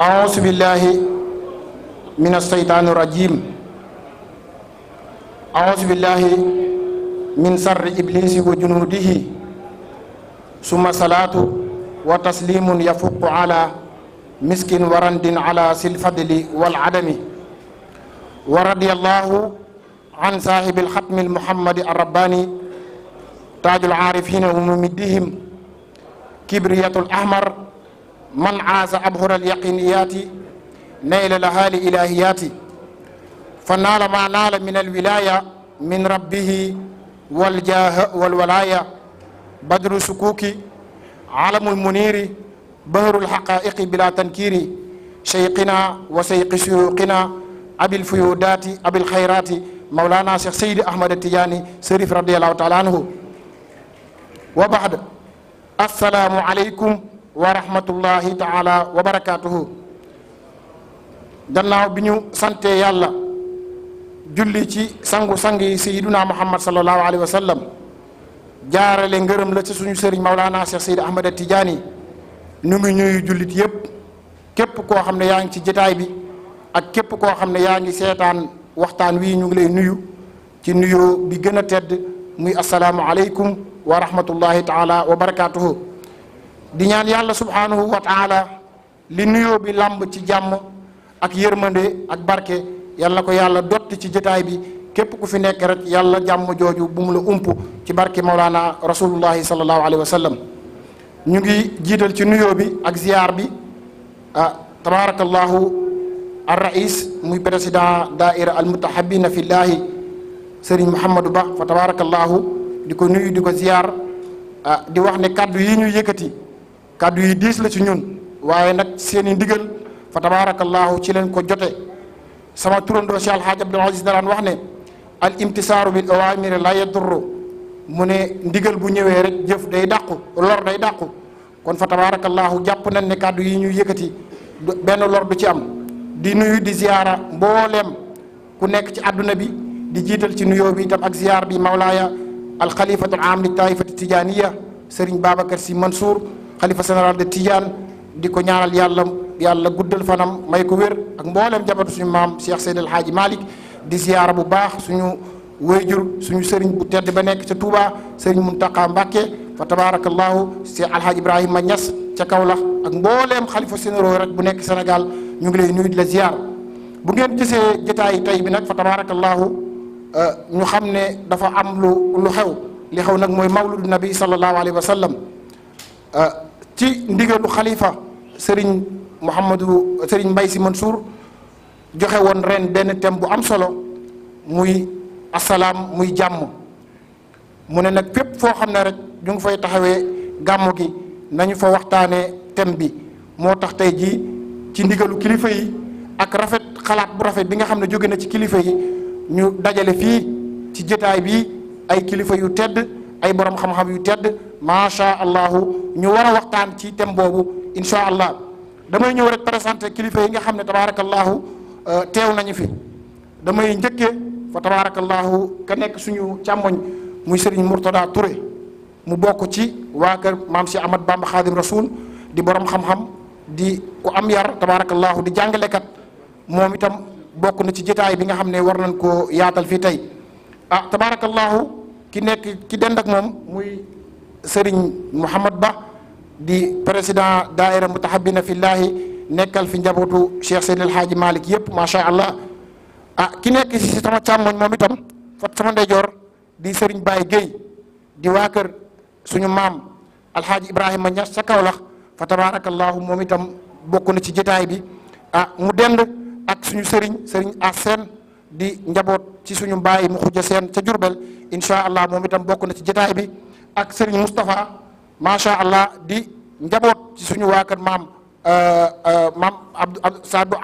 أعوذ بالله من الشيطان الرجيم أعوذ بالله من شر إبليس وجنوده ثم صلاة وتسليم يفق على مسكين ورند على ذي الفضل والعدم ورضي الله عن صاحب الختم المحمد الرباني تاج العارفين وممدهم كبرية الأحمر man aasa abhura alyaqiniyaati nayla lahaali ilahiyaati fa naala ma naala min alwilaya min rabbihi waljah walwalaya badru sukuki alamul muniri bahrul haqaiqi bila tankiri cheyqina wa cheyqi suyuqina abil fuyudati abil khayrati maulana cheikh seydi ahmad tidiani sérif radiallahu taala anhu wa baad assalaamu aleykum wa rahmatullahi taala wa barakaatuhu gannaaw bi ñu sante yàlla julli ci sangu sang yi sayiduna muhammad salallahu alayhi wa sallam jaarale ngërëm la ci suñu sëriñ Maulana Cheikh Seydi Ahmad Tidiane ñu ngi ñuy jullit yépp képp koo xam ne yaa ngi ci jataay bi ak képp koo xam ne yaa ngi seetaan waxtaan wii ñu ngi lay nuyu ci nuyoo bi gën a tedd muy asalaamu aleykum wa rahmatullahi taala wa barakaatuhu di ñaan yàlla subhanahu wa taala li nuyo bi làmb ci jàmm ak yërmande ak barke yàlla ko yàlla dotti ci jotaay bi képp ku fi nekk rek yàlla jàmm jooju bu mu la ump ci barke Maulana rasulullahi sallallahu alayhi wa sallam ñu ngi jiital ci nuyo bi ak ziar bi ah tabaarakallahu ar rais muy président daaira al fi fillahi sëriñ Mouhamadou Ba fa tabaarakallahu di ko nuyu di ko ziar ah di wax ne kàddu yi ñu yëkkati. kàddu yi diis la ci ñun waaye nag seen i ndigal fa tabaarakallaahu ci leen ko jote sama turandoo Cheikh Alhaaj Abdul Aziz daraan wax ne al imtisaaru bil awaamiri la yadurru mu ne ndigal bu ñëwee rek jëf day dàqu lor day dàqu kon fa tabaarakallaahu jàpp nañ ne kàddu yi ñu yëkkati benn lor du ci am di nuyu di ziyaara mbooleem ku nekk ci adduna bi di jiital ci nuyoo bi itam ak ziyaar bi mawlaaya al xalifatul aam li taifati tijaaniya sëriñ Babacar Si xalifa général de tiijaan di ko ñaanal yàlla yàlla guddal fanam may ko wér ak mbooleem jabatu suñu maam Cheikh Seydi El Hadji di ziyaara bu baax suñu wéyjur suñu sëriñ bu tedd ba nekk ca Touba sëriñ Mountakha Mbacké fa tabarakallahu Cheikh El Hadji Ibrahima ca Kaolack ak mbooleem xalifa généraux bu nekk Sénégal ñu ngi lay nuyu la ziyaar bu ngeen gisee jotaay tey bi nag fa tabarakallahu euh, ñu xam ne dafa am lu lu xew li xew nag mooy mawludu nabi sallallahu alayhi wa ci ndigalu xalifa sëriñ Mouhamadou sëriñ Mbaye Sy Mansour joxe woon ren benn thème bu am solo muy assalaam muy jàmm mu ne nag fépp foo xam ne rek ñu ngi fay taxawee gàmmu gi nañu fa waxtaanee thème bi moo tax tey jii ci ndigalu kilifa yi ak rafet xalaat bu rafet bi nga xam ne joge na ci kilifa yi ñu dajale fii ci jëtaay bi ay kilifa yu tedd ay borom xam-xam yu tedd macha allahu ñu war a waxtaan ci thème boobu incha allah damay ñëw rek présenté kilifa yi nga xam ne tabaarakallahu euh, teew nañu fi damay njëkkee fa tabaarakallahu ka nekk suñu càmmoñ muy Serigne Mourtada Touré mu bokk ci waa kër maam si Ahmad Bamba Xaadim Rasoul di borom xam-xam di ku am yar tabaarakallahu di kat moom itam bokk na ci jotaay bi nga xam ne war nañ koo yaatal fii tey ah tabaarakallahu ki nekk ki dend ak moom muy. sëriñ Mouhamad Ba di président daaira mutahabina fillahi nekkal fi njabootu Cheikh Seydil Hadji Malick yëpp macha allah ah ki nekk si sama càmmoñ moom itam fat sama ndeyjoor di Serigne Baye Guèye di waa kër suñu maam Alhaji Ibrahima Niass ca Kaolack fa tabarakallahu moom itam bokk na ci jëtaay bi ah mu dend ak suñu Serigne Serigne Assène di njaboot ci suñu mbaay mu xujja seen ca Jurbel incha allah moom itam bokk na ci jotaay bi. ak Serigne Moustapha macha allah di njaboot ci suñu waa kër maam euh, euh, maam Abdou Sadou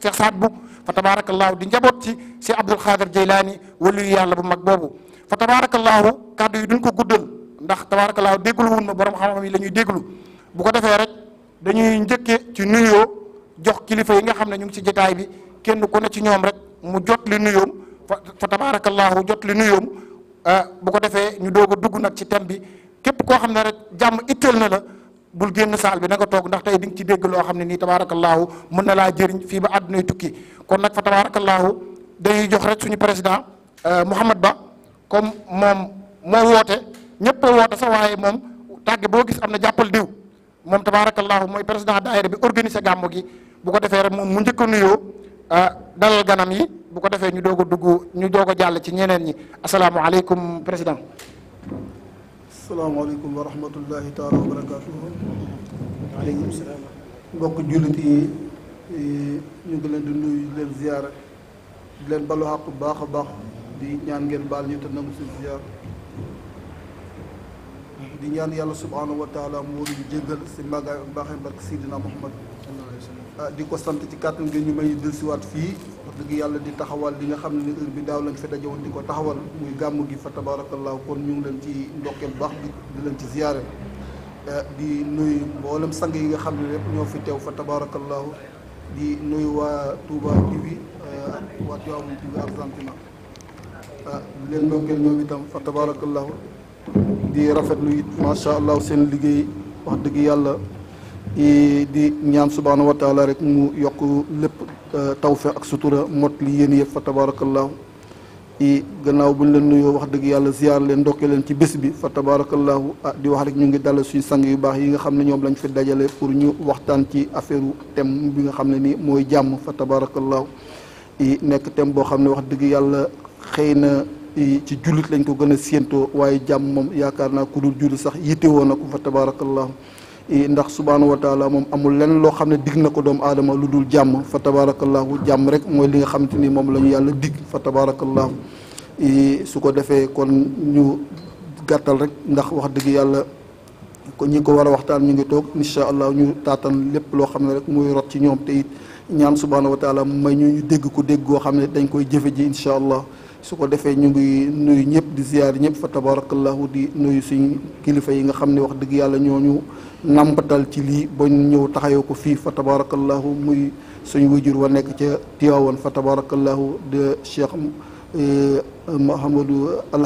Cheikh Sadou fa tabaarakallaahu di njaboot ci si Abdul Xaadir Jeylaani waliyu yàlla bu mag boobu fa tabaarakallaahu kàddu yi duñ ko guddal ndax tabaarakallaahu déglu wun ma borom xam yi lañuy déglu bu ko defee rek dañuy njëkkee ci nuyoo jox kilifa yi nga xam ne ñu ngi ci jotaay bi kenn ku ne ci ñoom rek mu jot li nuyoom fa tabaarakallaahu jot li nuyoom. Euh, bu ko defee ñu doog a dugg nag ci thème bi képp koo xam ne rek jàmm itteel na la bul génn saal bi na nga toog ndax tey di nga ci dégg loo xam ne nii tabaarakallaahu mën na laa jëriñ fii ba àddunay tukki kon nag fa tabaarakallaahu dañuy jox rek suñu président euh, Mouhamed Ba comme moom moo woote ñëpp a woote sax waaye moom tàgge boo gis am na jàppal diw moom tabaarakallaahu mooy président daayira bi organiser gàmmu gi bu ko defee rek moom mu njëkk a nuyoo euh, dalal ganam yi bu ko defee ñu doog a dugg ñu doog a jàll ci ñeneen ñi asalaamaaleykum président. asalaamaaleykum wa rahmatullahi taala wa barakaatuhu. waaleykum salaam. mbokk eh, ñu ngi leen di nuyu di leen ziyaara leen balu bu baax a baax di ñaan ngeen baal ñu te nangu suñu ziyaar di ñaan yàlla subhaanahu wa taala mu waruñu jéggal si màggaay ak baaxee barke Seydina Muhammad ah, di ko sant ci kàttan gi ñu may dellusiwaat fii. yàlla di taxawal li nga xam ne bi daaw lañ fi daje woon di ko taxawal muy gàmm gi fa tabaarakallaahu kon ñu ngi leen ci ndokkeel baax bi di leen ci ziyaare eh, di nuyu mboolem sang yi nga xam ne lépp ñoo fi teew fa tabaarakallaahu di nuyu waa Touba TV eh, waa Tivaouane TV Argentine eh, di leen ndokkeel ñoom itam fa tabaarakallaahu di rafetlu it macha allah seen liggéey wax dëgg yàlla di ñaan subhaanahu wa rek mu yokk lépp Euh, tawfeex ak sutura mot li yéen yëpp fa tabaarakallaahu i gannaaw bu leen nuyoo wax dëgg yàlla ziar leen ndokkee leen ci bés bi fa tabaarakallaahu ah di wax rek ñu ngi dalal suñu sang yu baax yi nga xam ne ñoom lañu fi dajale pour ñu waxtaan ci affaire thème bi nga xam ne nii mooy jàmm fa tabaarakallaahu nekk thème boo xam ne wax dëgg yàlla xëy na ci jullit lañ ko gën a séentoo waaye jàmm moom yaakaar naa ku dul jullit sax yitte woon na ko fa tabaarakallaahu ndax subhaanahu wa moom amul lenn loo xam ne dig na ko doom aadama lu dul jàmm fa tabaarakallaahu jàmm rek mooy li nga xamante ni moom la ñu yàlla dig fa tabaarakallaahu su ko defee kon ñu gàttal rek ndax wax dëgg yàlla kon ñi ko war a waxtaan ñu ngi toog incha allah ñu taatan lépp loo xam ne rek muy rot ci ñoom te it ñaan subhaanahu wa taala may ñu ñu dégg ko dégg goo xam ne dañ koy jëfe ji incha allah su ko defee ñu ngi nuyu ñëpp di ziyaar ñëpp fa tabarakallahu di nuyu suñ kilifa yi nga xam ne wax dëgg yàlla ñooñu nampatal ci lii ba ñëw taxayoo ko fii fa tabarakallahu muy suñ wujur wa nekk ca Tiwaawoon fa tabarakallahu de Cheikh eh, Mouhamadou al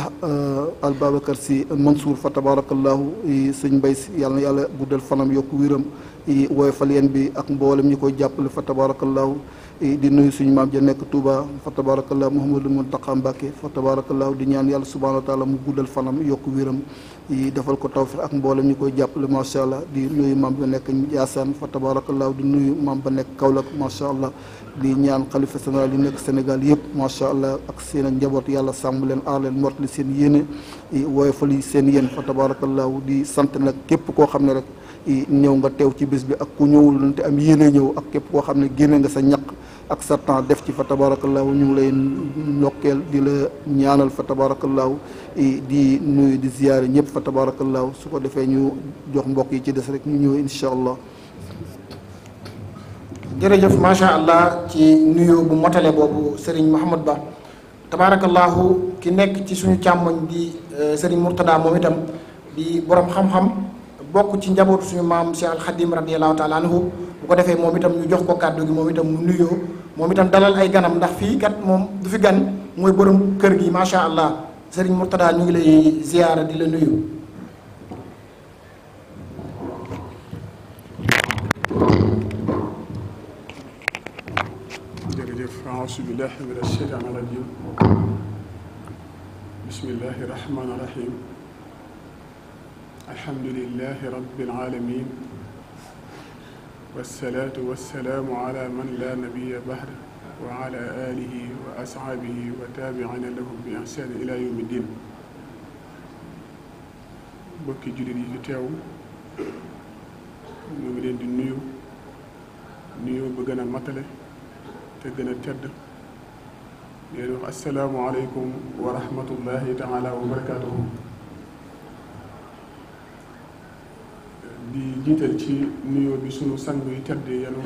eh, Babacar Sy Mansour fa tabarakallahu eh, suñ mbay si yàlla na yàlla guddal fanam yokku wéram woyofal yeen bi ak mboolem ñi koy jàppale fa tabarakallahu Eh, di nuyu suñu maam ja nekk Touba fa tabarakallah Mouhamadul Mountakha Mbacké fa tabarakallah di ñaan yàlla subhanahu wa taala mu guddal fanam yokk wéram eh, defal ko tawfiq ak mboolem ñu koy jàppale macha allah di nuyu maam ba nekk Ndiassane fa tabarakallah di nuyu maam ba nekk Kaolack macha allah di ñaan xalifa général yi nekk Sénégal yëpp macha allah ak seen ak njaboot yàlla sàmm leen aar leen mort li seen yéene eh, woyofal seen yéen fa tabarakallah di sant nag képp koo xam ne rek ñëw nga teew ci bis bi ak ku ñëwul te am yéene ñëw ak képp koo xam ne génne nga sa ñaq ak sa temps def ci fa tabarakallahu ñu lay ndokkeel di la ñaanal fa tabarakallahu di nuyu di ziyaare ñëpp fa tabarakallahu su ko defee ñu jox mbokk yi ci des rek ñu ñëw incha allah jërëjëf macha allah ci nuyu bu motale boobu sëriñ Mouhamad Ba tabarakallahu ki nekk ci suñu càmmoñ di euh, sëriñ Mourtada moom itam di borom xam-xam bokk ci njabootu suñu maam Cheikh Al Khadim radiyallahu taala bu ko defee moom itam ñu jox ko kàddu gi moom itam mu nuyoo moom itam dalal ay ganam ndax fii kat moom du fi gan mooy borom kër gi macha allah sëriñ Murtada ñu ngi lay ziyaara di la nuyu. أعوذ بالله alhamdulilahi rabbil alamin wasalaatu wasalaamu ala man la nabiya bahd wa ala alihi wa ashaabihi wa taabiina lahum bi ihsaan ila yawmi din bokki jullit yi fi teew ñu ngi leen di nuyu nuyu ba gën a matale te gën a tedd leen wax asalaamu aleykum wa rahmatullahi taala wa barakatuhu di jiital ci nuyoo bi sunu sang yu tedd yenu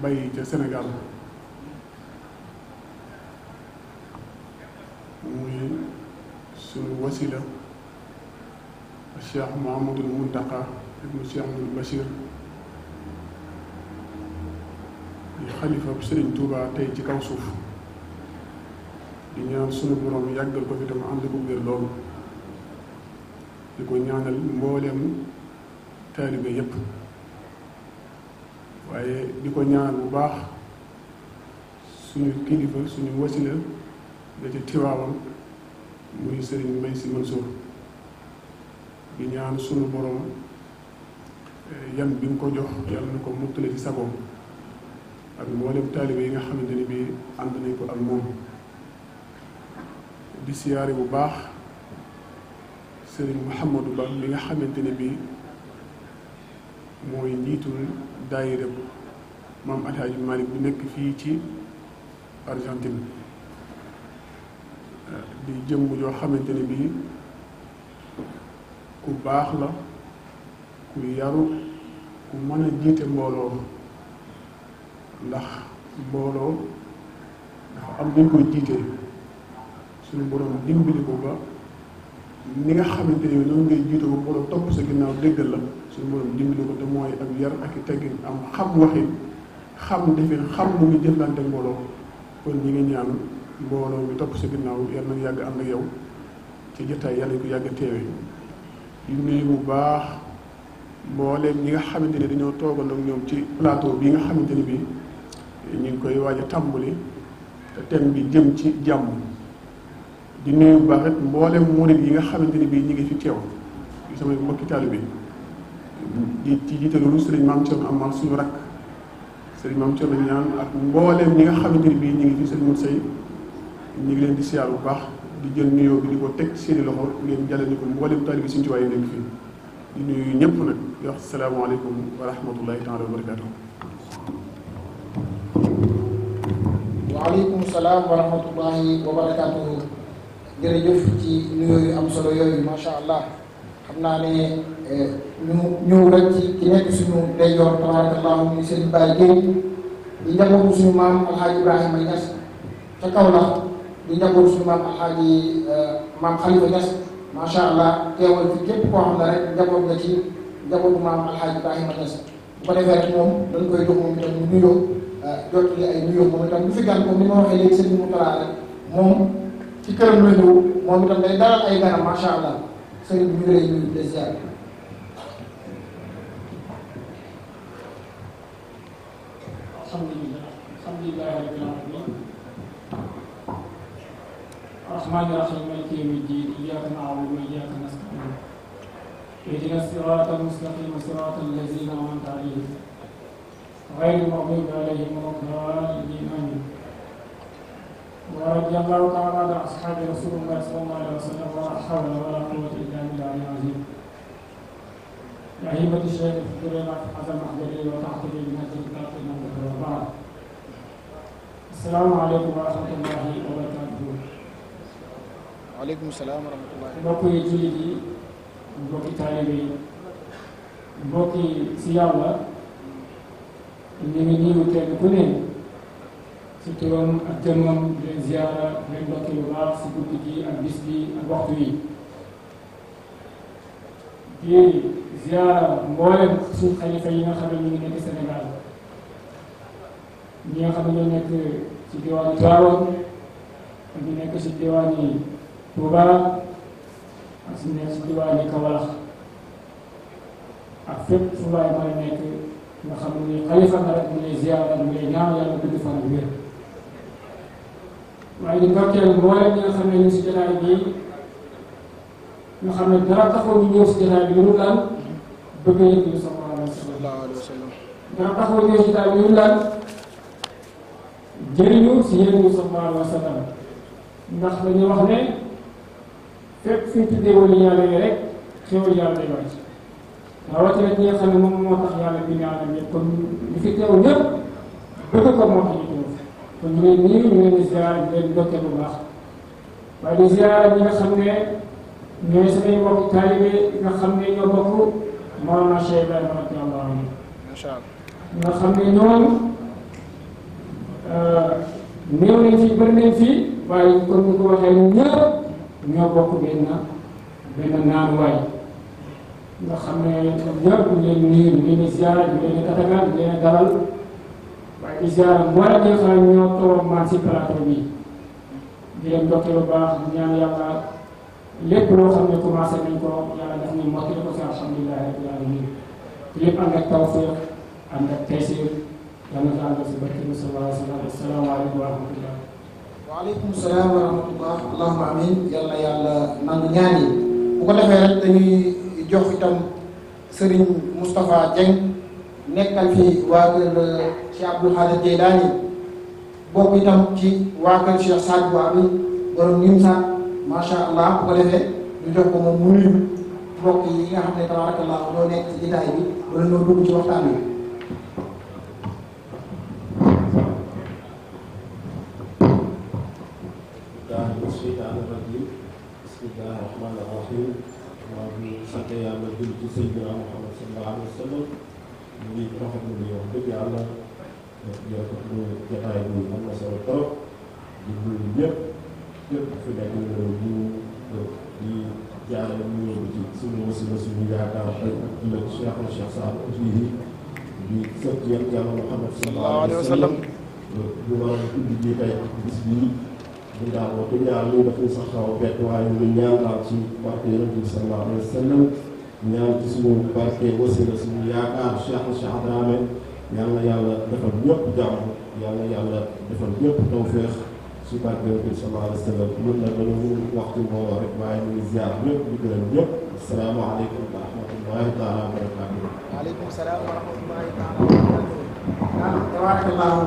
bàyyi ca Sénégal muy sunu wasila Cheikh Mouhamadul Muntaqa ibnu Cheikh Abdul Bachir di xalifa Sëriñ Tuuba tey ci kaw suuf di ñaan sunu borom yàggal ko fi tam ànd ko wér loolu di ko ñaanal mbooleem taalibe yépp waaye di ko ñaan bu baax suñu kilifa suñu wasila da ca tiwaawam muy sëriñ may si Mansour di ñaan suñu boroom eh, yan bi nga ko jox yàlla na ko mottale ci sagoom ak mboolem taalibe yi nga xamante ni bii ànd nañ ko ak moom di siyaare bu baax sëriñ Mouhamadou Ba bi nga xamante ni bii mooy njiitul daayira bu maam Alhaaji Malick bi nekk fii ci Argentine di jëmm yoo xamante ne bii ku baax la ku yaru ku mën jiite mbooloo ndax mbooloo dafa am nañ koy jiite suñu borom dimbali ko ba ni nga xamante ni noonu ngay jiito ko borom topp sa ginnaaw déggal la suñu borom dimbali ko te ak yar ak i teggin am xam waxin xam defin xam mu ngi jëflante mbooloo ngi ñaan mbooloo mi topp sa ginnaaw yar na yàgg ànd ak yow ci jotaay yàlla ko yàgg teewe bu baax mbooleem ñi nga xamante ne dañoo toogoon ak ñoom ci plateau bi nga xamante ni bii ñu ngi koy waaj a tàmbali te bi jëm ci jàmm di nuyu bu baax it mboolem murit yi nga xamante ni bii ñu ngi fi teew ci samay mbokki taalibe di ci jiitalu sëriñ maam Thierno Amar suñu rakk sëriñ maam Thierno ñaan ak mboolem ñi nga xamante ni bii ñu ngi fi sëriñ Moussa yi ñu ngi leen di siyaar bu baax di jën nuyoo bi di ko teg seeni loxo leen jàllale ni ko mboolem taalibe suñu ci waaye nekk fii di nuyu ñëpp nag di wax salaamaaleykum wa rahmatullahi taala wa barakatuh. waaleykum jërëjëf ci nuyoo am solo yooyu macha allah xam naa ne eh, ñu ñëw rek ci ki nekk suñu ndeyjoor tabarakallahu muy sëriñ Baye Guèye di njabootu suñu maam suñu maam Alxaaji eh, maam Khalifa Niass macha allah teewal fi képp koo xam ne rek njaboot nga ci njabootu maam Alxaaji Ibrahima Niass bu ko defee rek moom dañ koy jox moom itam mu nuyoo eh, jot li ay nuyoo moom itam lu fi gan comme ni ma waxee léegi sëriñ Moutala rek moom. ci këram la ñëw moom itam day dalal ay ganam macha allah sëriñ bi ñu ngi lay nuyu di ziar alhamdulillah alhamdulillah rabbil alamin arrahmani rahim maliki yawmi ddin iyyaka na'budu wa iyyaka nasta'in ihdina sirata almustaqima sirata allazina an'amta alayhim غير المغضوب عليهم ولا الضالين آمين ورضي الله تعالى عن أصحاب رسول الله صلى الله عليه وسلم ولا حول ولا قوة إلا بالله العظيم يا هيبة الشيخ الفكر في هذا المحضر وتعطيه بهذه الباقي وبعد السلام عليكم ورحمة الله وبركاته وعليكم السلام ورحمة الله mbokk yi jullit yi mbokki taalibe yi mbokki si yàlla ñu ngi nii kenn ku ne si turam ak jëmmam di leen ziyaara di leen ndokkee bu baax si guddi gi ak di ziyaara mboolem suñu xalifa yi nga xam ne ñu ngi nekk Sénégal ñi nga xam ne ñoo nekk ci diwaanu Tivaouane ak ñu nekk ci diwaanu Touba ak su nekk ci diwaanu Kaolack ak fépp fu waay mën a nekk nga xam ne xalifa nga rek mu lay waaye di barkeel mboolem ñi nga xam ne ñu si jotaay bii nga xam ne dara taxaw ñu ñëw si jotaay bi lu lan bëgg yëg ñu sallallahu alayhi wa sallam dara taxaw ñëw si jotaay bi lu lan jëriñu si yéen ñu sallallahu alayhi wa sallam ndax dañuy wax ne fépp fi ñu tuddee woon yàlla yi rek xéwal yàlla day wàcc rawatina ñi nga xam ne moom moo tax yàlla bi ñu àndal ñëpp kon ñu fi teew ñëpp bëgg ko moo tax ñu teew kon ñu leen nii ñu leen di ziar di leen dokke bu baax waaye di ne ñooy samay mbokk taalibe yi nga ne ñoo bokk Mawlana Cheikh Ibrahima radiyallahu anhu nga ne ñoom euh, néew nañ fi bëri nañ fi waaye comme ni ko waxee ñëpp ñoo bokk ne ñëpp ñu leen nii waa di ziara mboolem ñi nga xam ne ñoo toog a si plateau bi di leen dokkee bu baax ñaan yàlla lépp loo xam ne commencé nañ ko yàlla def ñu mottali ko si alhamdulilahi rabbil alamin te lépp ànd ak tawfiq ànd ak teesir yàlla na ànd si barke bi sallallahu alayhi wa sallam asalaamaaleykum wa rahmatullah waaleykum salaam wa rahmatullah allahuma amin yàlla yàlla nangu ñaan yi ko defee rek dañuy jox itam Serigne Moustapha Dieng nekkal fi waa kër ci Abdul Xaadir Jeylaani bokk itam ci waa kër Cheikh Saad bu Nimsa macha allah bu ko defee ñu jox ko moom mu nuyu mbokk yi nga ne tabaarakallah ñoo nekk ci jotaay bi wala ci waxtaan bi. bismillaahi rahmaani rahiim maa ngi sant bi Muhammad sallallahu alayhi wa sallam ñu ngi rafetlu yow dëgg yàlla rafetlu jotaay bi am na solo trop di nuyu ñëpp képp fi nekk ñu di jaarale nuyoo bi ci suñu wasila suñu yaakaar tey ak ëllëg Cheikh na Cheikh Saad Bouh di sëb yéen yàlla Muhammad sallallahu alayhi wa sallam ñu war a tudd ji tey ak bis bii ñu daan woote ñaar ñu dafay sax xaw a bett waaye ñu ngi ñaan daal ci barke yonent bi sallallahu alayhi wa sallam ñaan ci suñu barke wasila suñu yaakaar Cheikh na Cheikh Dramé yàlla yàlla defal ñëpp jàmm yàlla yàlla defal ñëpp tawféex ci barke bi sallallahu alayhi wa sallam mën na mën a waxtu moo rek waaye ñu ngi ziar ñëpp di gërëm ñëpp asalaamaaleykum wa rahmatullahi taala wa barakatuh waaleykum salaam wa rahmatullahi taala wa barakatuh tabarakallahu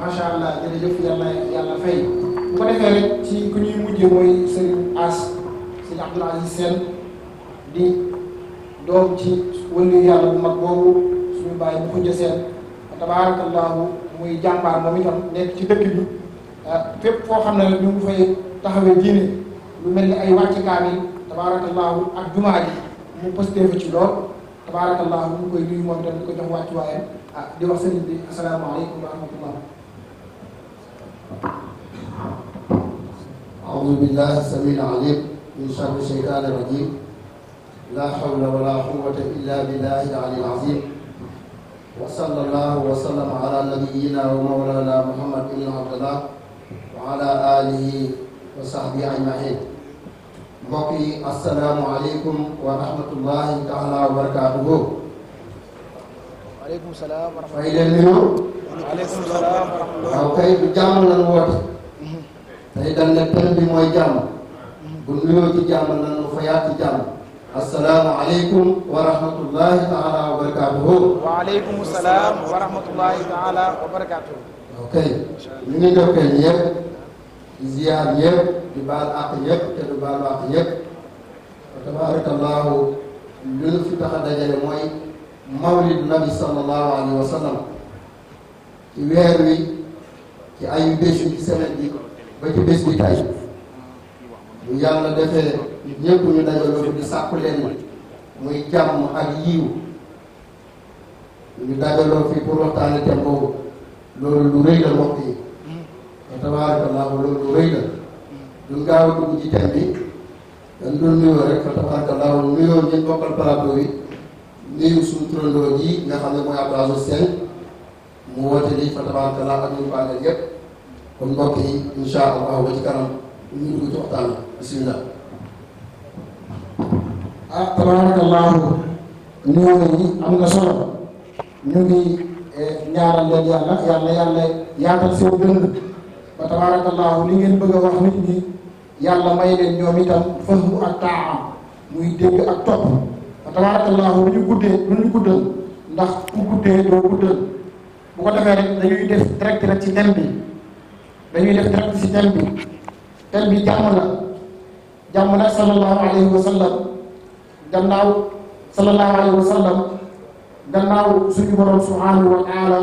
macha allah jërëjëf yàlla yàlla fay bu ko defee rek ci ku ñuy mujjee mooy Serigne As Serigne Abdoul Aziz Sène di doom ci wëndu yàlla bu mag boobu suñu bàyyi bu xujja seen tabaarakallaahu muy jàmbaar moom itam nekk ci dëkk bi ah, fépp foo xam ne ñu ngi fay taxawee diine lu mel ni ay wàccikaam yi tabaarakallaahu ak jumaa ji mu posté fa ci lool tabaarakallaahu mu koy nuyu moom itam di ko jox wàccuwaayam ah di wax sëriñ bi asalaamaaleykum wa rahmatullah أعوذ بالله السميع العليم من شر الشيطان الرجيم لا حول ولا قوة إلا بالله العلي العظيم وصلى الله وسلم على نبينا ومولانا محمد بن عبد الله وعلى آله وصحبه أجمعين mbokk yi asalaamualeykum wa rahmatullahi taala wa barakaatuhu waaleykum salaam wa rahmatulah fay leen nuyu waaleykum salaam wa rahmatulah waaw kay du jàmm lan woote mhm. tey dal ne thème bi mooy jàmm mhm. bu nuyoo ci jàmm lan nu fayaat ci jàmm asalaamaaleykum wa rahmatullahi taala wa barakaatuhu. waaleykum salaam wa rahmatullahi taala wa barakaatuhu. ok ñu ngi ndokkee ñëpp di ziar ñëpp di baal àq ñëpp te du baal àq ñëpp wa tabaarakallaahu lu ñu fi tax a dajale mooy mawlid nabi sallallahu alayhi wa sallam ci weer wi ci ayu bésu ci semaine bi ba ci bés bi tay bu yàlla defee nit ñëpp ñu dajaloo fi di sàkku leen muy jàmm ak yiw ñu dajaloo fi pour waxtaane thème loolu lu rëy la mbokk yi fatabaarakallahu loolu lu rëy la duñ gaaw a dugg ci thème bi dañ doon nuyoo rek fatabaarakallahu nuyoo ñun bokkal plateau yi nuyu suñu turandoo ji nga xam ne mooy Abdoulaye Sène mu woote lii fatabaarakallahu ak ñu bànneel yépp kon mbokk yi allah ba ci kanam ñu dugg ci waxtaan bisimilah. ah tabaarakallaahu ñooñu am na solo ñu ngi eh, ñaaral leen yàlla yàlla yàlla yaatal seen dënn ba tabaarakallaahu li ngeen bëgg a wax nit ñi yàlla may leen ñoom itam fahmu ak taam muy dégg ak topp ba tabaarakallaahu lu ñu guddee lu ñu guddal ndax ku guddee doo guddal bu ko defee rek dañuy def direct rek ci thème bi dañuy def direct ci thème bi thème bi jàmm la. jàmm nag sallallahu alayhi gannaaw suñu borom subhanahu wa taala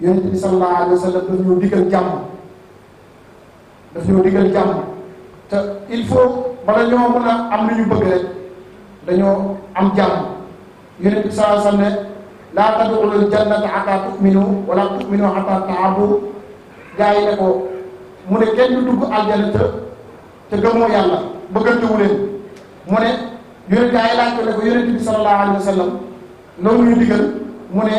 yonent bi sallallahu alayhi wa daf ñoo digal jàmm daf ñoo digal jàmm te il faut bala ñoo mën a am lu ñu bëgg rek dañoo am jàmm yonent bi sallallahu alayhi wa laa tadxulul jannata xataa tuminu wala tuminu xataa taabu gaa yi ne mu ne kenn dugg aljanna te te gëmmoo yàlla bëggantewu leen mu ne yonent ay laaj ko ne ko yonent bi sallallahu loolu ñu digal mu ne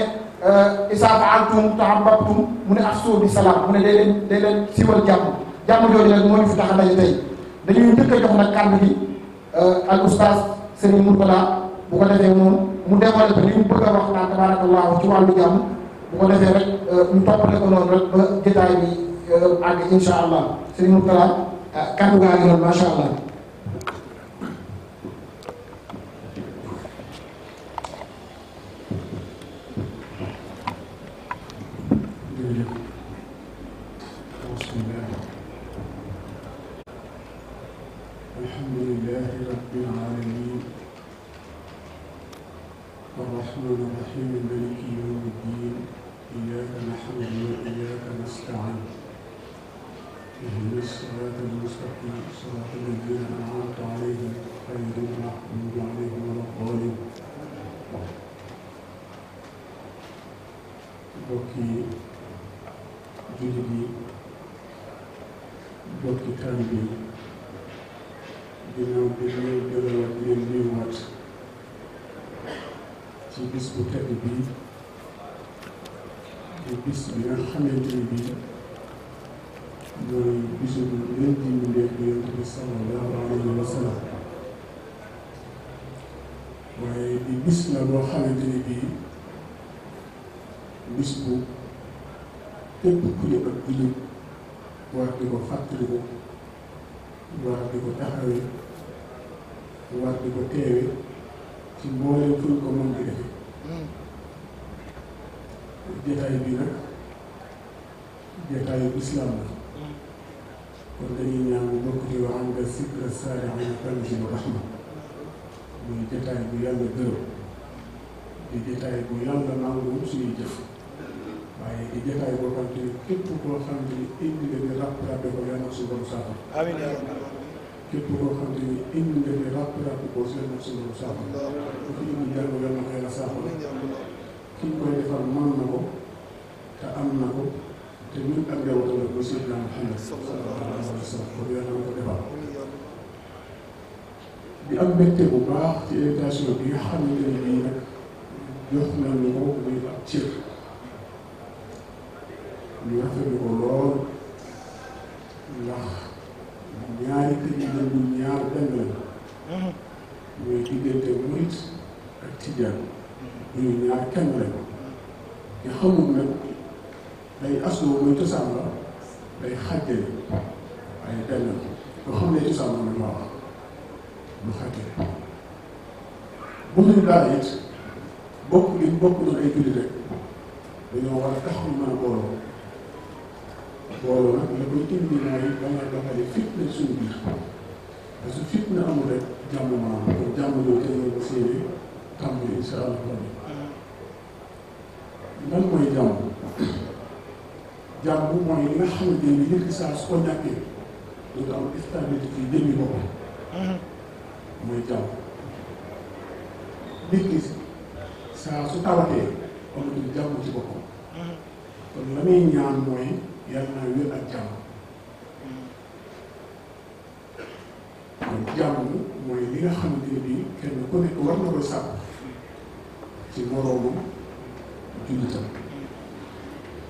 euh, isa faaltum tahabbabtum mu ne ahsu bi salaam mu ne day leen day leen siiwal jàmm jàmm jooju nag moo ñu fi tax a daje tey dañuy njëkk a jox nag kàddu bi euh, al oustaz Serigne bu ko defee moom mu développé li mu bëgg a wax naan ci wàllu jàmm bu ko defee rek euh, ñu toppale ko rek ba jotaay bi àgg incha allah Serigne Mourtala ah kàddu gaa ngi doon macha allah. الرحمن الرحيم مالك يوم الدين إياك نحمد وإياك نستعين اهدنا الصراط المستقيم صراط الذين انعمت عليهم غير المغضوب عليهم ولا الضالين bokki jullit yi bokki taalibe yi ginnaaw bi ñu delluwaat leen nuyuwaat ci bis bu tedd bii di bis bi nga xamante ni bii mooy bisu bu gën di mbindéef bi yonent bi sallallahu alayhi wa sallam waaye di bis la boo xamante ni bii bis bu képp ku di ak jullit war di ko fàttaliku war di ko taxawee war di ko teewee ci mbooleem fu ñu ko mën di defee jotaay bi nag jotaayu islam la kon dañuy ñaan mbokk di wax nga sikra saalihiina tanzilu rahma muy jotaay bu yàlla gërëm di jotaay bu yàlla nangu suñuy jëf waaye di jotaay boo xam te képp koo xam ne indi nga ni ràpp ko yàlla na suñu borom saafara. amiin képp koo xam indi nga ni ràpp ràpp ko yàlla na suñu borom saafara. ku fi indi jàng yàlla na ko yàlla saafara. ki koy defal mën na ko te na ko. te ñun ak yow ko bu Seydina Muhammad sallallahu alayhi wa sallam kon yàlla na ko bu baax ci invitation bi nga xam ne nag jox nañu ko muy ab cër ñu rafetlu ko lool ndax ñaari kër yi dañu ñaar benn la muy diggante murit ak tijaan ñu day aslo muy cosaan la day xàjjale ay benn loo xam ne cosaan moom lu ma wax lu xàjjale bu ñu daal it bokk li bokk na ay jullit rek dañoo war a tax ñu a booloo booloo nag la koy indi mooy ba nga doxale fitna suñu biir parce que fitna amul rek jàmm maanaam kon jàmm ñoo jëlee ba mooy jàmm jàmm mooy li nga xamante ne nit ki saa su ko ñàkkee lu taw stabilité ci jëmmi boppam mooy jàmm nit ki saa su tawatee amatul jàmm ci boppam kon la muy ñaan mooy yàlla naa wér ak jàmm kon jàmm mooy li nga xamante ne bii kenn ku nekk war na koy sàpp ci moroomu jullitam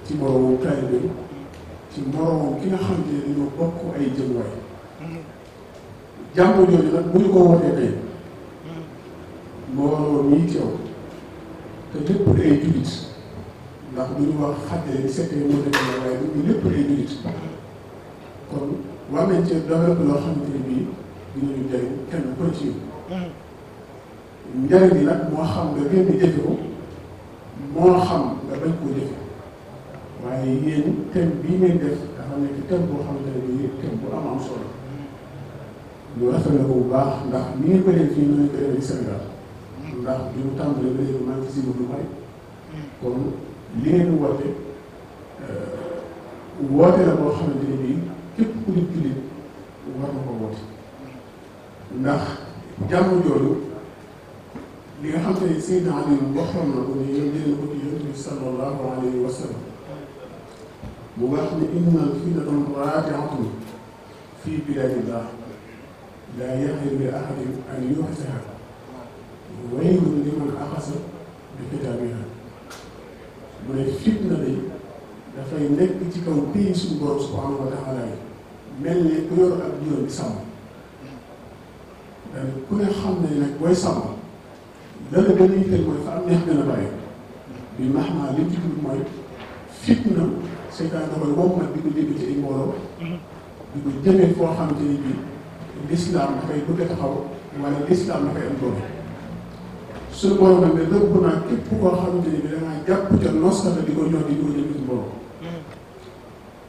ci moroomam taalibe ci moroomam ki na xam ne dañoo bokk ay jëmwaay jàmm jooju nag bu ñu ko wootee tey mbooloo mii teew te lépp day jullit ndax bu ñu wax xàtte ni seetee moo demee waaye ñu lépp day jullit kon war nañ cee développé loo xamante ne bii dinañu jëriñ kenn ku ne ci njëriñ bi nag moo xam nga génn jëfe ko moo xam nga bañ koo jëfe waaye yéen thème bii ngeen def dafa nekk thème boo xam ne nii thème bu am am solo ñu rafetlu ko bu baax ndax ni ngeen ko def fii noonu ko defee Sénégal ndax bi mu tàmbalee ba léegi may kon li ngeen woote euh, woote la boo xamante ne bii képp ku di jullit war na ko woote ndax jàmm jooju li nga xam te ne Seydina Aliou waxoon na ko ni yéen dina ko ci yéen sallallahu alayhi wa sallam mu wax ne innal fitnatan waaqi'atun fii bilaadillah laa yaqdiru li ahadin an yuhsaha waylun liman axasa bi kitaabiha mu ne fitna de dafay nekk ci kaw pays suñu borom subhaanahu wa taala yi mel ne ku ak juróom sàmm dana ku ne xam ne nag booy sàmm dana gën a yitteel mooy fa am neex gën a bàyyi bi max li mu ci mooy fitna. seytaane da koy wokk nag di ko jëme ci ay mbooloo di ko jëmee foo xamante ni bii lislaam dafay bëgg a taxaw lislaam dafay am doole suñu borom nag di ko di ko jëme mbooloo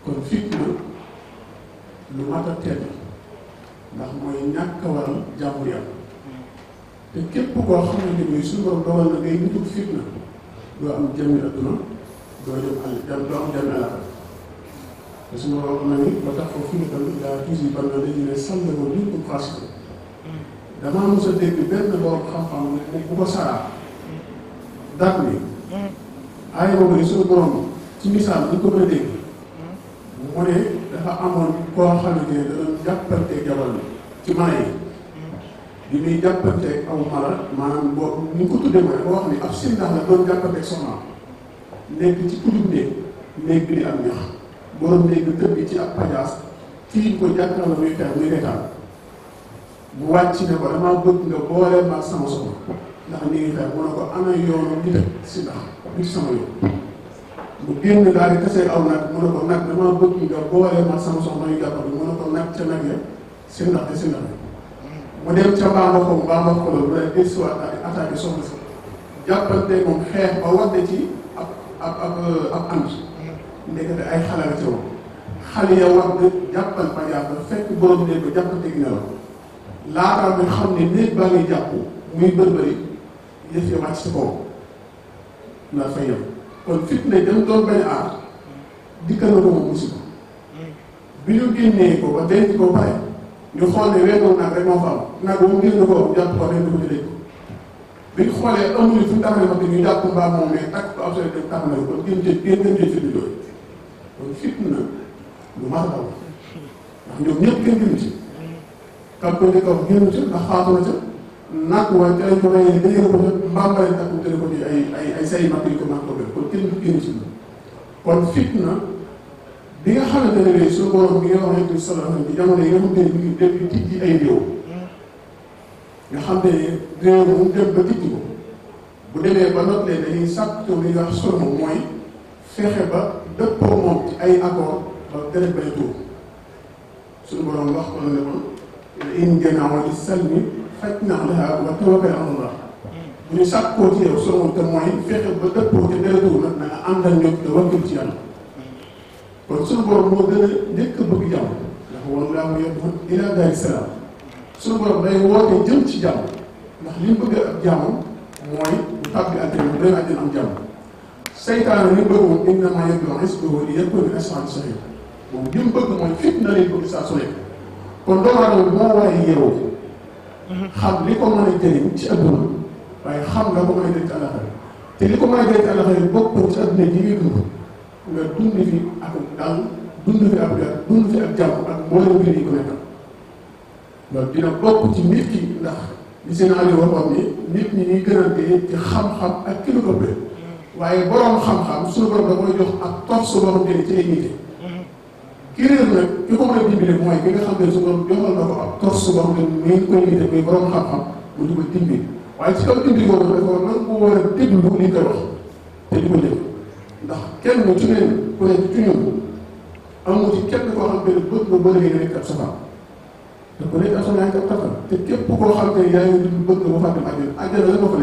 kon fitna lu mat a teel ndax mooy ñàkk a waral jàmm yàlla te képp koo xamante ni bii suñu borom dogal na ngay nitul fitna doo am jëmmi adduna doo dem àll dem am dem àll te suñu borom nag it ba tax foofu ñu tamit daa toujours ba nga dañu ne sànq ba lépp presque damaa mos a dégg benn borom xam-xam bu ko saraa dàq ni aaya boobu suñu borom ci misaal ñu ko mën a dégg mu ne dafa amoon koo xamante ne dana jàppante jabal ci mala yi muy jàppanteeg aw mala maanaam boo ni ko tuddee mooy boo xam ne ab sindax la doon jàppanteeg soxnaam nekk ci kudub néeg néeg bi am ñax borom néeg bi ci ab pajaas fii ko jàkk na muy fer muy retaan bu wàcc ne ko damaa bëgg nga boole ma sama soxla ndax ni ngi mu génn daal di tasee aw nag mu ne ko nag damaa bëgg nga boole ma sama soxla yu jàppal mu ne ko nag ca nag ya si ndax de mu dem ca mbaama ko mbaama ko la mu ne désuwaat daal di attaqué soxla si jàppante moom xeex ba wadde ci ab ab ab ànd ndekete ay xale la ca woon xale ya war jàppal ba jàpp fekk borom ne ko jàpp teg na la laata bi xam ne nit ba ngi jàpp muy bërbëri yëf ya wàcc sa kaw la fa yem kon fitna dem doon bañ aar dikkal na ko moom bi ñu génnee ko ba denc ko pare ñu xool ne weeru nag rek moo fa am nag moom génn ko jàpp ko rek du ko jëlee bi ñu xoolee amuñu fu mu taxawee wax dañuy jàpp mbaa moom mais takk ko observé dem taxaw na ko kon gën jël gën gën jël fi dundoo kon fitna lu mar daw ndax ñoom ñëpp kenn gënu ci kam ko njëkk a wax gënu ci ndax faatu na ca nàkk waaye ci lañ ko reyee dañu ko def mbàmbale takku téléphone yi ay ay ay say mag yi ko mag ko def kon kenn gënu ci kon bi nga xamante ne suñu borom bi nga wax ne sallallahu alayhi wa sallam jamono yi nga xamante ne ñu ngi dégg tijji ay nga xam ne réew mu dem ba dijj ko bu demee ba not leen dañuy sàkk li nga sonn mooy fexe ba dëppoo moom ci ay accord ba deret bay tuur suñu wax ko ne kon in janaaw li salmi fajnah lahaa wa ci yow sonn te mooy fexe ba dëppoo ci deret nag na nga àndal ñoom te wakkil ci yàlla kon suñu moo gën a njëkk bëgg jàmm ndax wallaahu yahdi ilaa daari salaam suñu borom day woote jëm ci jàmm ndax li mu bëgg jàmm mooy bu tàbbi àjjana mu doy àjjana am jàmm seytaane li mu bëgg woon inna maa yatlubu hizbahu liyakuna min ashabil sa'ir moom li mu bëgg mooy fitna lay bëgg saa su nekk kon doomu a yeewoo xam li ko mën a jëriñ ci te li ko mën a jëriñ ci àllaxira bokkul ci adduna ji ngay nga dund fi ak dal dund fi ak dund fi ak jàmm ak mboolem mbir yi ko nekkal loolu dina bokk ci nit ki ndax li seen ali waxoon ni nit ñi ñuy gërante ci xam-xam ak ki lu ko bëri waaye borom xam-xam suñu ne ci dignité ki ko mën a dimbali mooy ki nga xam na ko ak muy borom xam-xam mu di ko dimbali waaye ci kaw dimbali boobu dafa nangu war a déglu li koy wax te di ko ndax kenn ci neen ku nekk ci ñun amu kenn koo xam ne bëgg nga bëri nga nekk ab te ku nekk ak sa ñaari kër kattan te képp koo xam ne yaa ngi bëgg nga ba fàtte ma àjjana àjjana la ko fa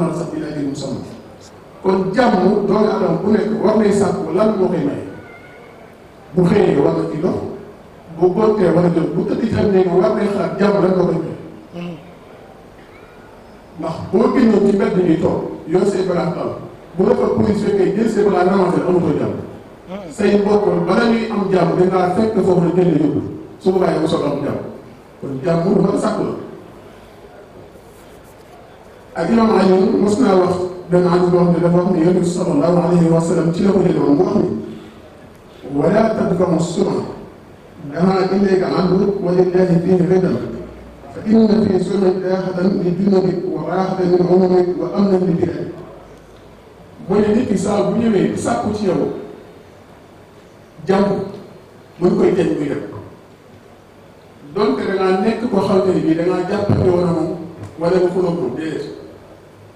da nga xam kon jàmm doomu aadama bu nekk war nay sàkku lan moo koy may bu xëyee war na ci dox bu gontee war a jot bu tëdd ci am ne war nay xalaat jàmm lan moo koy may ndax boo génnoon ci mbedd mi toog yor say balaa am bu la fa police fekkee jël say balaa ramassé amatoo jàmm say mbokk bala ñuy am jàmm dinaa fekk foofu la jënd yóbbu su boobaa yow soog am jàmm kon jàmm lu mën a sàkk la ak imam Aliou mos naa wax benn ànd boo xam ne dafa wax ne yonent bi sallallahu alayhi wa sallam ci la ko jëlee woon mu wax ni wala tadfamu suma damaa indee ka àndu wala laahi diine reddal إن في سنة إراحة لجنوبك وراحة من عمومك nekk koo xamante ni bii da ngaa jàppante woon a moom wala nga xuloo ko déedéet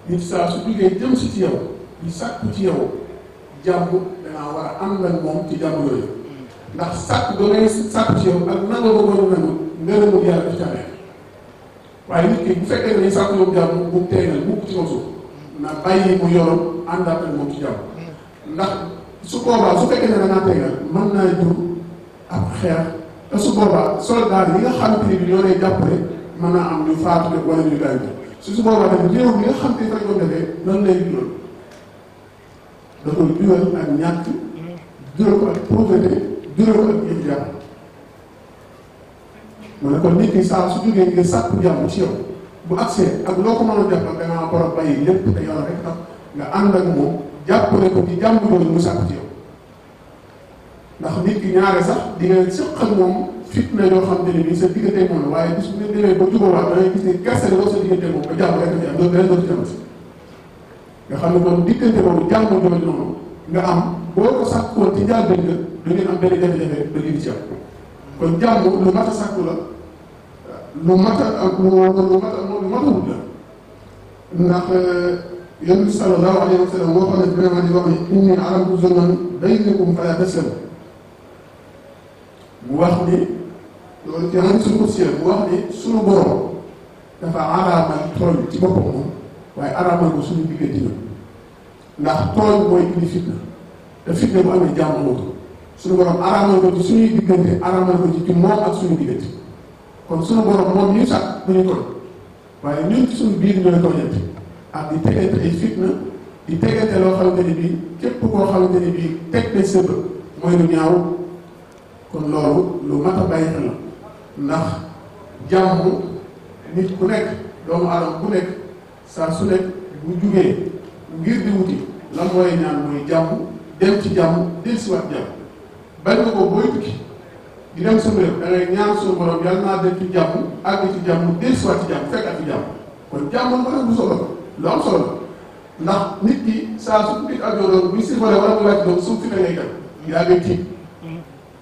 nit saa su duggee jëm si ci yow di sàkku ci yow jàmm da war a am lan moom ci jàmm yooyu ndax sàkk doo ngay ci yow ak nanga ko war a nangu ngërëmu yàlla ci tamit waaye nit ki bu fekkee ne dañ sàkk yow jàmm bu teenal bu ci kaw na bàyyi mu yoroon àndaat ak moom ci jàmm ndax su boobaa su fekkee yi nga xamante ni bi ñoo lay jàppale mën naa am ñu faatu de wala ñu gaañ su su boobaa tamit réew mi nga xam te rek ñoo defee lan lay jural da koy ak ñàkk jural ak pauvreté jural ak ñëpp jàpp mu ne kon nit ki saa su jógee ngir sàkku jàmm ci yow bu accès ak loo ko mën a jàppal da ngaa borom bàyyi lépp te yàlla rek tax nga ànd ak moom jàppale ko ci jàmm jooju mu sàkku ci yow ndax nit ki ñaare sax di nga sëq ak moom fitna yoo xam te ne bii sa diggante moom la waaye bis bu ne demee ba jubóowaat da ngay gis ne gerte loo sa diggante moom ba jàmm rek nga am loolu benn dootu demati nga xam ne kon diggante boobu jàmm jooju noonu nga am boo ko sàkkoon ci njàlbéen nga du ngeen am benn jafe-jafe ba ngeen ci am kon jàmm lu mat a sàkku la lu mat a ak lu mat a lu mat a wut la ndax euh, yonent bi sallallahu alayhi wa sallam boo xam ne dina ma di wax ni inni alamtu zulman baynakum fala tasalu bu wax ni loolu ci hadiisul qudsi bu wax ni suñu borom dafa araamal tooñ ci boppam moom waaye araamal ko suñu diggante la ndax tooñ mooy indi fitna te fitna bu amee jàmm amatul suñu borom araamal ko ci suñuy diggante araamal ko ci ci ak suñu diggante kon suñu borom moom ñu sax bu ñu toll waaye ñun ci suñu di tegante ay fitna di tegante loo xamante bii képp koo xamante ne bii teg na sa mooy lu ñaaw kon loolu lu mat ndax jàmm nit ku nekk doomu aadama ku nekk saa su nekk bu jugee ngir di wuti la mooy ñaan mooy jàmm dem ci jàmm dellusiwaat jàmm. bañ nga ko booy tukki di dem suñu réew da ngay ñaan suñu borom yàlla naa dem ci jàmm àgg ci jàmm dellusiwaat ci jàmm fekkaat ci jàmm kon jàmm mooy am solo lu am solo ndax nit ki saa su nit ak yow doon buy sifale wala muy wàcc doon suuf si ngay dem yaa ngi tiit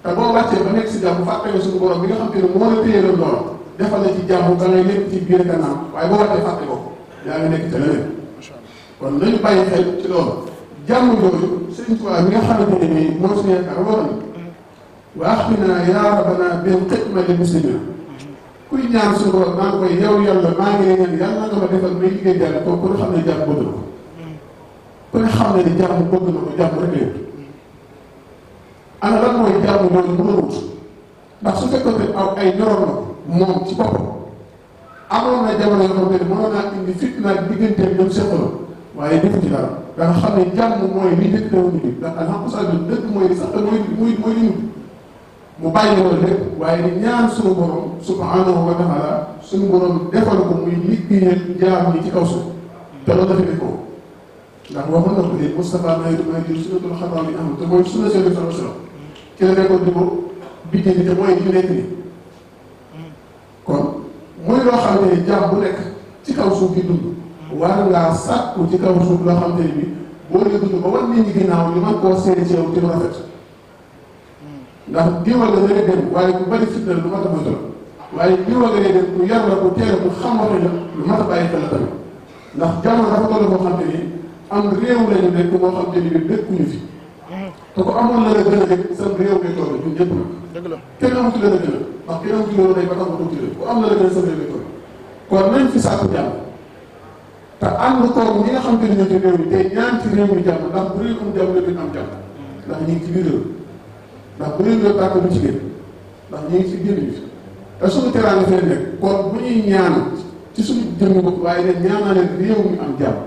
te boo wàccee ba nekk si jàmm fàtte nga suñu borom bi nga xam te ne moo la téye loolu lool defal na ci jàmm da ngay nekk ci biir gànnaaw waaye boo wàccee fàtte ko yaa ngi nekk ca leneen kon nañu bàyyi xel ci loolu jàmm jooju Sëriñ Tuubaa mi nga xamante ne nii moo suñu yaakaar waroon wa axfina yaa rabbana bil xidmati muslimina kuy ñaan suñu borom maa ngi koy yow yàlla maa ngi lay ñaan yàlla nga ma defal may liggéey jàll ko ku ne xam ne jàmm bëgg na ko ku ne xam ne ni jàmm bëgg na ko jàmm rek léegi ana lan mooy jàmm loolu mënul ndax su fekkoon ne aw ay ñoroon na moom ci boppam amoon na jamono yoo xam ne mënoon naa indi fitna digganteeg ñoom seqaloon waaye defu ci dara da nga xam ne jàmm mooy li njëkk na woon nit ñi ndax alhamdulilah dëgg mooy sax mooy mooy mooy li mu bàyyi woon lépp waaye di ñaan suñu borom subhanahu wa taala suñu borom defal ko muy liggéeyal jaam ñi ci kaw suuf te loolu dafa nekk ko ndax waxoon na ko ne Moustapha Mayou Mayou Diop sunatul xataa bi am ci la nekkoon di ko biddee te mooy fi nekk nii kon mooy loo xam ne jaam bu nekk ci kaw suuf di dund war ngaa sàkku ci kaw suuf loo xam ne bi boo dee dund ba wan nit ñi ginnaaw ñu koo seede ci yow te mu rafet ndax diwal la dana dem waaye ku bari fitna lu mat a moytal waaye diwal la dem ku yar la ku teel ku xam waxi la lu mat a bàyyi xel la tamit ndax jamono dafa toll boo xam te ni am réew lañu nekk moo xam te ni bi dëkkuñu fi te ko amoon la la gën a dëkk seen réew ngay toll ñun ñëpp la kenn amatu la la gën a ndax kenn amatu la day ba tax ba tuuti la ku am la la gën a seen réew ngay toll kon nañ fi sàkku jàmm te ànd koog ñi nga xam te ni ñoo ci réew mi tey ñaan ci réew mi jàmm ndax bu réew am jàmm la am jàmm ndax ñu ngi ci biir ndax bu ñu doon tànk bu ci génn ndax ñu ngi ci génn ñu te suñu teraanga fee nekk kon bu ñuy ñaan ci suñu jëmm bopp waaye nag ñaan naa leen am jàmm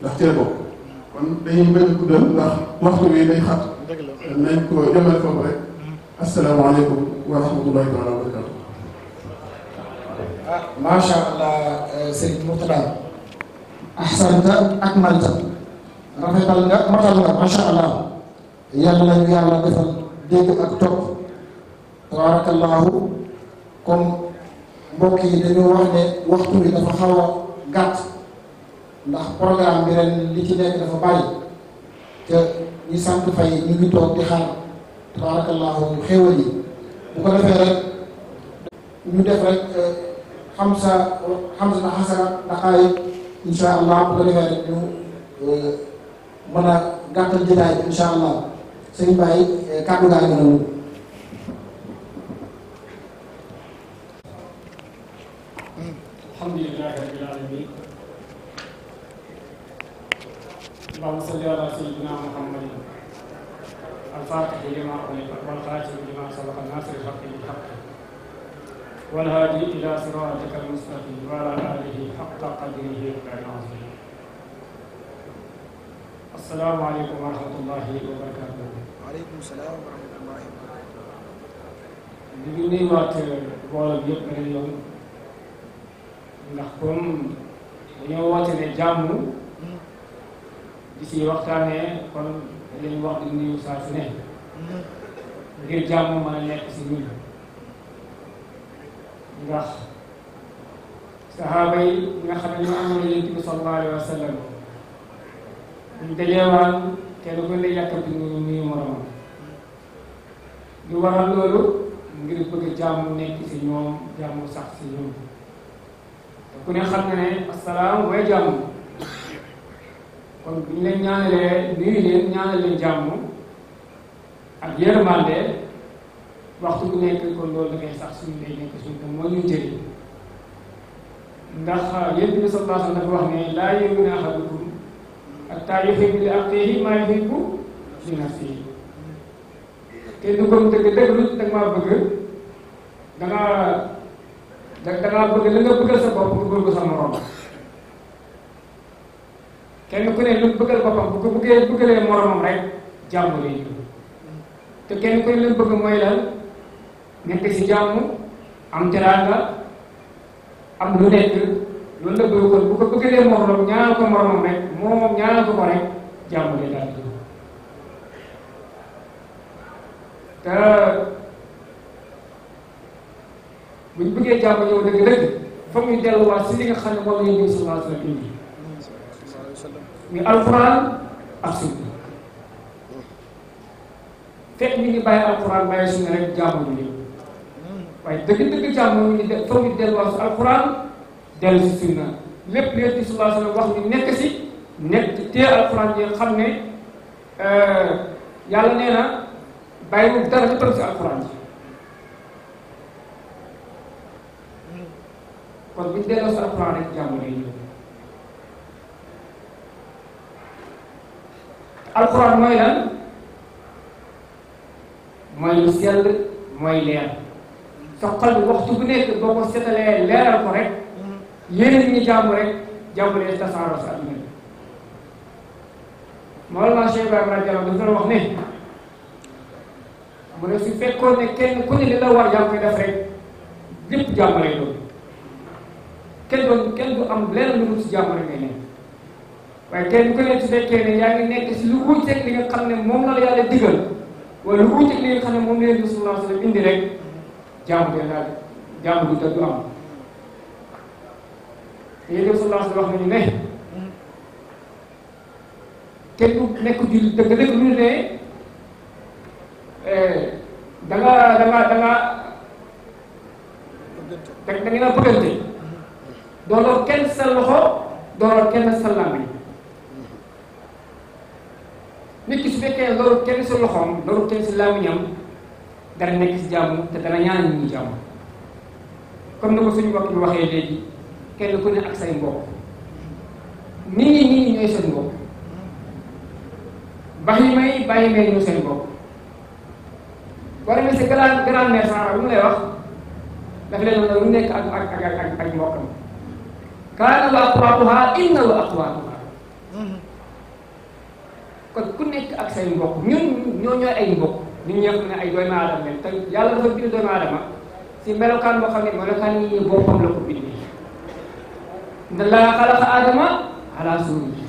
ndax cee bokk kon dañuy bañ a guddal ndax waxtu wi day xat nañ ko jëmale foofu rek asalaamaaleykum wa taala wa barakatu ah macha allah eh, Serigne Mourtada ahsan nga ak malta rafetal nga matal nga macha allah yàlla nañu yàlla defal dégg ak topp tabaarakallaahu comme mbokk yi dañoo wax ne waxtu bi dafa xaw gàtt ndax programme bi ren li ci nekk dafa bari te ñi sant fay ñu ngi toog di xaar tabaarakallaahu xéwal bu ko defee rek ñu def rek xam sa xam sa xasara daqaay incha allah bu ko defee rek ñu euh, mën a gàttal jotaay bi allah. suñu bàyyi eh, kàddu gaa ngi noonu alhamdulillahi rabbil alamin allahumma salli ala sayyidina muhammadin alfaatihi lima ughliqa wal xaatimi lima sabaqa naasiril haqqi bil haqqi wal haadi ila siraatika al mustaqim wa ala alihi haqqa qadrihi wa miqdaarihi assalaamu aleykum wa rahmatullahi wa barakaatuh waaleykum salaam wa rahmatullahi wa barakatuh. di nuyuwaat mbooloo bi yëpp beneen yoon ndax comme dañoo woote ne jàmm di si waxtaanee kon dañuy wax di nuyu saa su ne ngir jàmm mën a nekk si ñun ndax saxaaba yi nga xam ne ñu amoon yonent bi sallallahu alayhi wa sallam ñu dajeewaan kenn ku ne yàkkamti mu nuyu moroomam lu waral loolu ngir bëgg jàmm nekk ci ñoom jàmm sax ci ñoom te ku ne xam na ne asalaam way jàmm kon bu ñu leen ñaanalee nuyu leen ñaanal leen jàmm ak yërmande waxtu bu nekk kon loolu dafay sax suñu lay nekk suñu ko moo ñuy jëriñ ndax yéen bi sallallahu alayhi wa sallam dafa wax ne laa yéen mën hatta yuhibbu li axiihi maa yuhibbu li nafsihi te du ko dëgg dëgg lu da nga maa bëgg da ngaa bëgg la nga bëggal sa bopp nga bëgg sa morom kenn ku ne lu bëggal boppam bu ko bëggee bëggalee moromam rek jàmm lay jur te kenn ku ne lu bëgg mooy lan nekk ci jàmm am teraanga am lu nekk. loolu la bëgg kon bu ko bëggalee moroom ñaanal ko moromam rek moom ñaanal ko ko rek jàmm day daal di te bu ñu bëggee jàmm ñëw dëgg dëgg fa muy delluwaat si li nga xam ne moom la ñu gis sallallahu alayhi wa sallam indi muy alquran ak sunna fekk ñu ngi bàyyi alquran bàyyi sunna rek jàmm ñu waaye dëgg dëgg jàmm ñu ngi fa muy delluwaat si alquran. dellu si sunna lépp lépp ci sallallahu alayhi nekk si nekk ci téye alxuraan yi xam ne eh, yàlla nee na bàyyiwul dara ci përëm si alxuraan ji kon buñ delloo si alxuraan rek jàmm lay ñëw alxuraan mooy lan mooy lu sell mooy leer waxtu bu nekk boo ko setalee leeral ko rek yéen ñi jàmm rek jàmm leen tasaaroo sa adduna bi Mawlana Cheikh Ibrahima radiyallahu dafa wax ne mu ne su fekkoon kenn ku ne li la war yaa koy def rek lépp jàmm lay doon kenn doon kenn du am lenn lu dul si jàmm rek ngay nekk waaye kenn ku ne su fekkee ne yaa ngi nekk si lu wuuteeg li nga xam ne moom la la yàlla digal wala li nga xam ne moom la yàlla Rasulullah sallallahu alayhi wa sallam indi rek jàmm du daal yéen a sën wax nañu ne kenn ku nekk jullit dëgg-dëgg lu ne eh, da nga da nga da nga da da ngeen a bëggante dooloo kenn sa loxo dooloo kenn sa làmmiñ nit ki su fekkee loolu kenn sa loxoom loolu kenn sa làmmiñam dara nekk si jàmm te dana ñaan ñu jàmm comme ni ko suñu mbokk yi waxee léegi. kenn ku ne ak ñi nit ñi ñooy seen mbokk leen ne lu nekk ak ak kon ku nekk ak say mbokk ñun ñoo ñooy ay mbokk ñun ñoo xam ne ay doomu aadama lañ te yàlla dafa bind doomu aadama si melokaan boo xam ne melokaan yi boppam la ko bindee inna llaaha xalaqa aadama ala suurati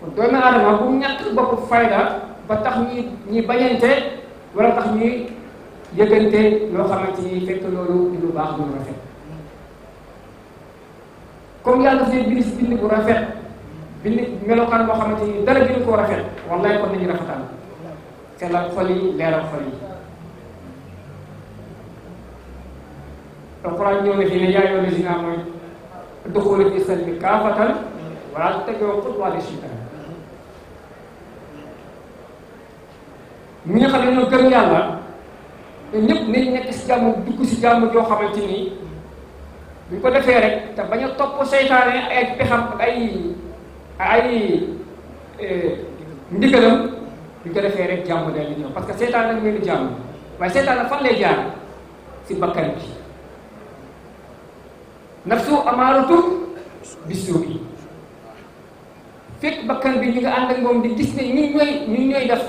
kon doomu aadama bu ñàkk bopp fayda ba tax ñuy ñuy bañante wala tax ñuy yëgante loo xamante ni fekk loolu di lu baax du lu rafet comme yàlla dafay bind si bind bu rafet bind melokaan boo xamante ni dara gënu koo rafet wallaay kon nañu rafetal sellal xol yi leeral xol yi alquran ñëw na fi ne yaa ayyuhaa lazina amanu duxuulu fi salmi kaafatan wala tattabiu xutuwaati shaytaan ñi nga xam ne ñoo gëm yàlla te ñëpp nit nekk si jàmm dugg si jàmm joo xamante ni buñ ko defee rek te bañ a topp seytaane ay pexam ak ay ay eh, ndigalam ko defee rek jàmm day ñoom parce que seytaane nag mel ni jàmm waaye seytaane fan lay si bakkan bi. nafsu amaaratu bisuu'i fekk bakkan bi ñu nga ànd ak moom di gis ne ñii ñooy ñii def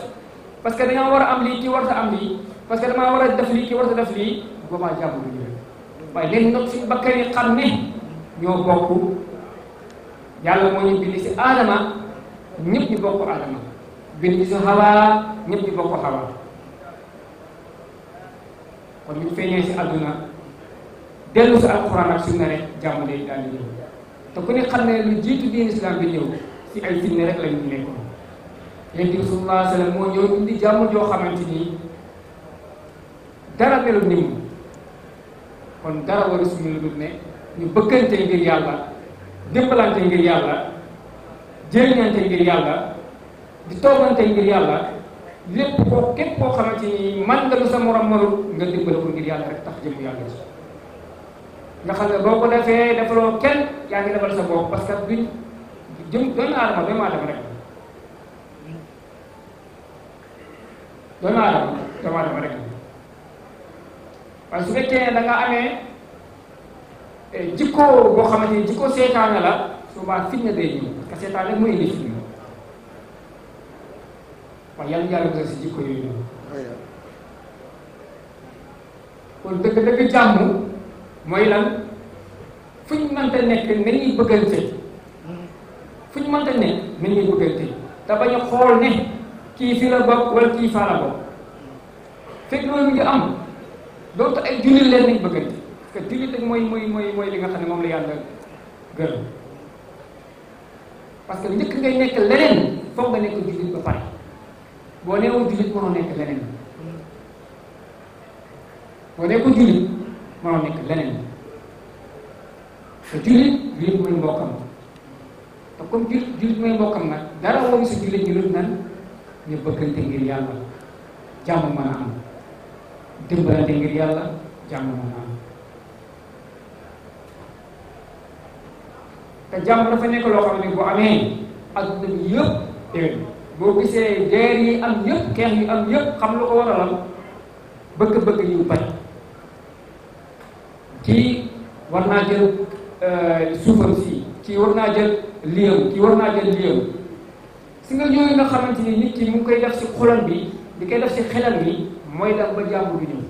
parce que dañoo war a am lii kii warta am lii parce que damaa war a def lii kii warta def lii boobaa bi ñu waaye leen nag suñu bakkan yi xam ne ñoo bokk ñu bind si aadama ñëpp ñu bokk aadama bind si xawaa ñëpp ñu bokk xawaa kon ñu feeñee si àdduna dellu si alquran ak sunna rek jàmm day daal di ñëw te ku ne xam ne lu jiitu diin bi ñëw si ay fitne rek lañu nekkoon yonent bi sallallahu alayhi wa sallam moo ñëw indi jàmm joo xamante ni dara melu ni mu kon dara war a suñu lu dul ne ñu bëggante ngir yàlla déppalante ngir yàlla jëriñante ngir yàlla di toogante ngir yàlla lépp koo képp koo xamante ni man nga lu sa morom marul nga dimbale ngir yàlla rek tax jëmu yàlla nga xam ne boo ko defee defaloo kenn yaa ngi defal sa bopp parce que duñ jëm doomu aadama doomu aadama rek doomu aadama doomu aadama rek waaye su fekkee amee eh, jikkoo boo xamante ni jikkoo seetaane la souvent fitna day ñëw parce que seetaane rek mooy indi fitna waaye yàlla yàlla mos si jikko yooyu noonu kon dëgg-dëgg jàmm. mooy lan fu ñu mënta nekk nañuy bëggante fu ñu mënta nekk nañuy bëggante te bañ a xool ne kii fi la bokk wala kii faa la bokk fekk loolu mi ngi am dootu ay jullit leen nañ bëggante parce jullit rek mooy mooy mooy li nga xam ne moom la yàlla gërëm parce njëkk ngay nekk leneen foog nga nekk jullit ba pare boo neewoo jullit mënoo nekk leneen boo nekkul jullit mënoo nekk leneen te jullit jullit mooy mbokkam te comme jullit jullit mooy mbokkam nag dara waru si jullit ñu lut nan ñu bëggante ngir yàlla jàmm am dimbalante ngir yàlla jàmm mën am te jàmm dafa nekk loo xam ne bu amee adduna bi yëpp déwén boo gisee guerre am yëpp xeex yi am yëpp xam lu ko waraloon bëgg kii war naa jël euh, suufam si kii war naa jël liyam kii war naa jël liyam si nga yooyu nga xamante ni nit ki mu koy def si xolam bi di koy def si xelal bi mooy def ba jàmm du ñëw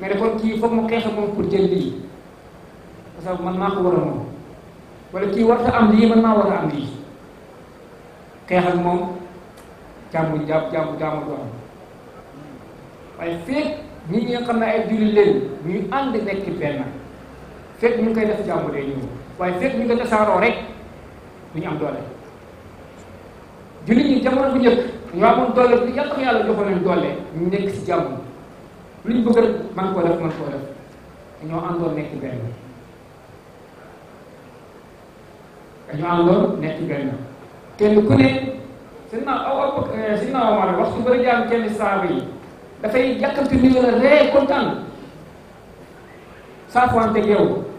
nga ne kon kii foog mu xeexe moom pour jël lii parce que man maa ko war a moom wala kii war am lii man maa war a am lii xeex moom jàmm jàpp jàmm jàmm du am waaye féeg nit ñi xam ne ay jullit leen ñu ànd nekk benn fekk ñu ngi koy def jàmm day ñëw waaye fekk ñu ko tasaaroo rek du ñu am doole jullit ñi jamono bu njëkk ñoo amoon doole bi yàlla ko yàlla joxoon leen doole ñu nekk si jàmm lu ñu bëgg rek man koo def man koo def dañoo àndoon nekk benn dañoo àndoon nekk benn kenn ku ne sëñ naa aw sëñ naa Omar wax su bëri jàng kenn saaba yi dafay yàkkamti nuyu la ree kontaan saa foo ante yow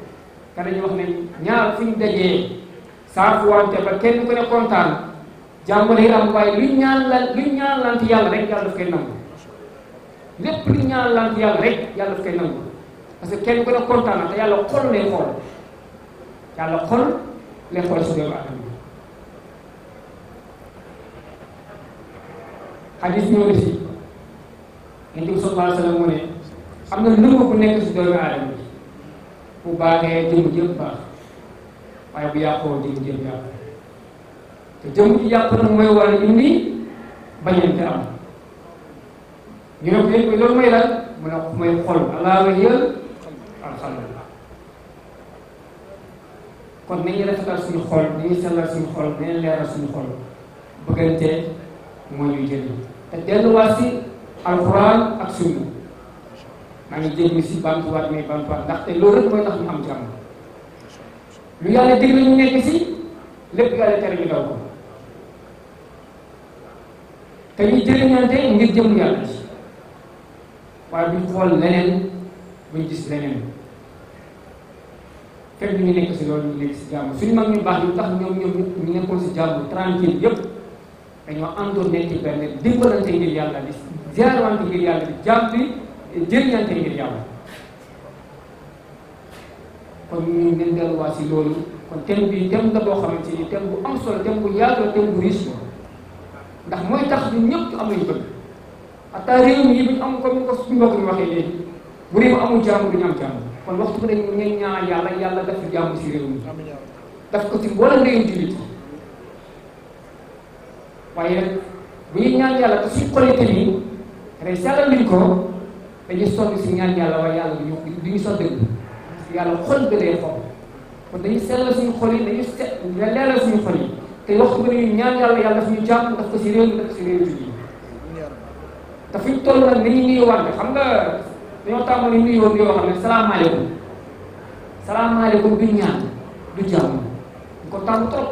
ka dañu wax ne ñaar fu ñu dajee saafuwante ba kenn ku ne kontaan jàmm day am waaye luñ ñaan la luñ ñaan lant yàlla rek yàlla daf koy nangu lépp luñ ñaan lant yàlla rek yàlla daf koy nangu parce que kenn ku ne kontaan na te yàlla xol lay yàlla xol lay si doomu aadama xadis ñëw na si yonent bi sallallahu alayhi wa sallam mu na nëbb bu nekk si doomu aadama bu baaxee jëm jëpp baax waaye bu yàqoo jëm jëpp yàq te jëm ji yàq nag mooy war a indi bañante am ñu ne ko yéen mooy lan mu ne xol alaa wa hiya alxalb kon nañu rafetal suñu xol nañu sellal suñu xol nañu leeral suñu xol bëggante moo ñuy jëriñ te delluwaat si alquran ak sunna maa ngi jéggi si bamtuwaat mais bamtuwaat ndaxte loolu rek mooy tax ñu am jàmm lu yàlla digle ñu nekk si lépp yàlla tere ñu daw ko te ñu jëriñante ngir jëm yàlla ci waaye buñ xool leneen buñ gis leneen fekk ñu nekk si loolu ñu nekk si jàmm suñu mag ñu baax ñu tax ñoom ñoom ñu nekkoon si jàmm tranquille yëpp dañoo àndoon nekk benn dimbalante ngir yàlla di ziarwante ngir yàlla di jàmm bi jëriñante ngir yàlla kon ñu ngeen delluwaat si loolu kon thème bii thème la boo xamante ni thème am solo thème bu yaatu la thème ndax mooy tax ñun ñëpp am nañu bëgg atta réew mi buñ am comme ko suñu mbokk mi waxee léegi bu réew amul jàmm du ñu am jàmm kon waxtu bi dañ ñaan yàlla yàlla def jàmm si réew mi daf ko ci mboolem réew jullit waaye nag bu ñuy ñaan yàlla te suñ xolite nii rek sellal nañ ko dañuy sonn si ñaan yàlla waaye yàlla du ñu du ñu sonn dëgg yàlla xol bi lay xool kon dañuy sellal suñu xol yi dañuy set leeral suñu xol yi te waxtu bi dañuy ñaan yàlla yàlla suñu jàmm daf ko si réew mi daf ko si réew mi te fuñ toll nag dañuy nuyuwaat xam nga dañoo tàmbali nuyoo nuyoo xam ne salaamaaleykum salaamaaleykum du ñaan du jàmm ñu ko tàmm trop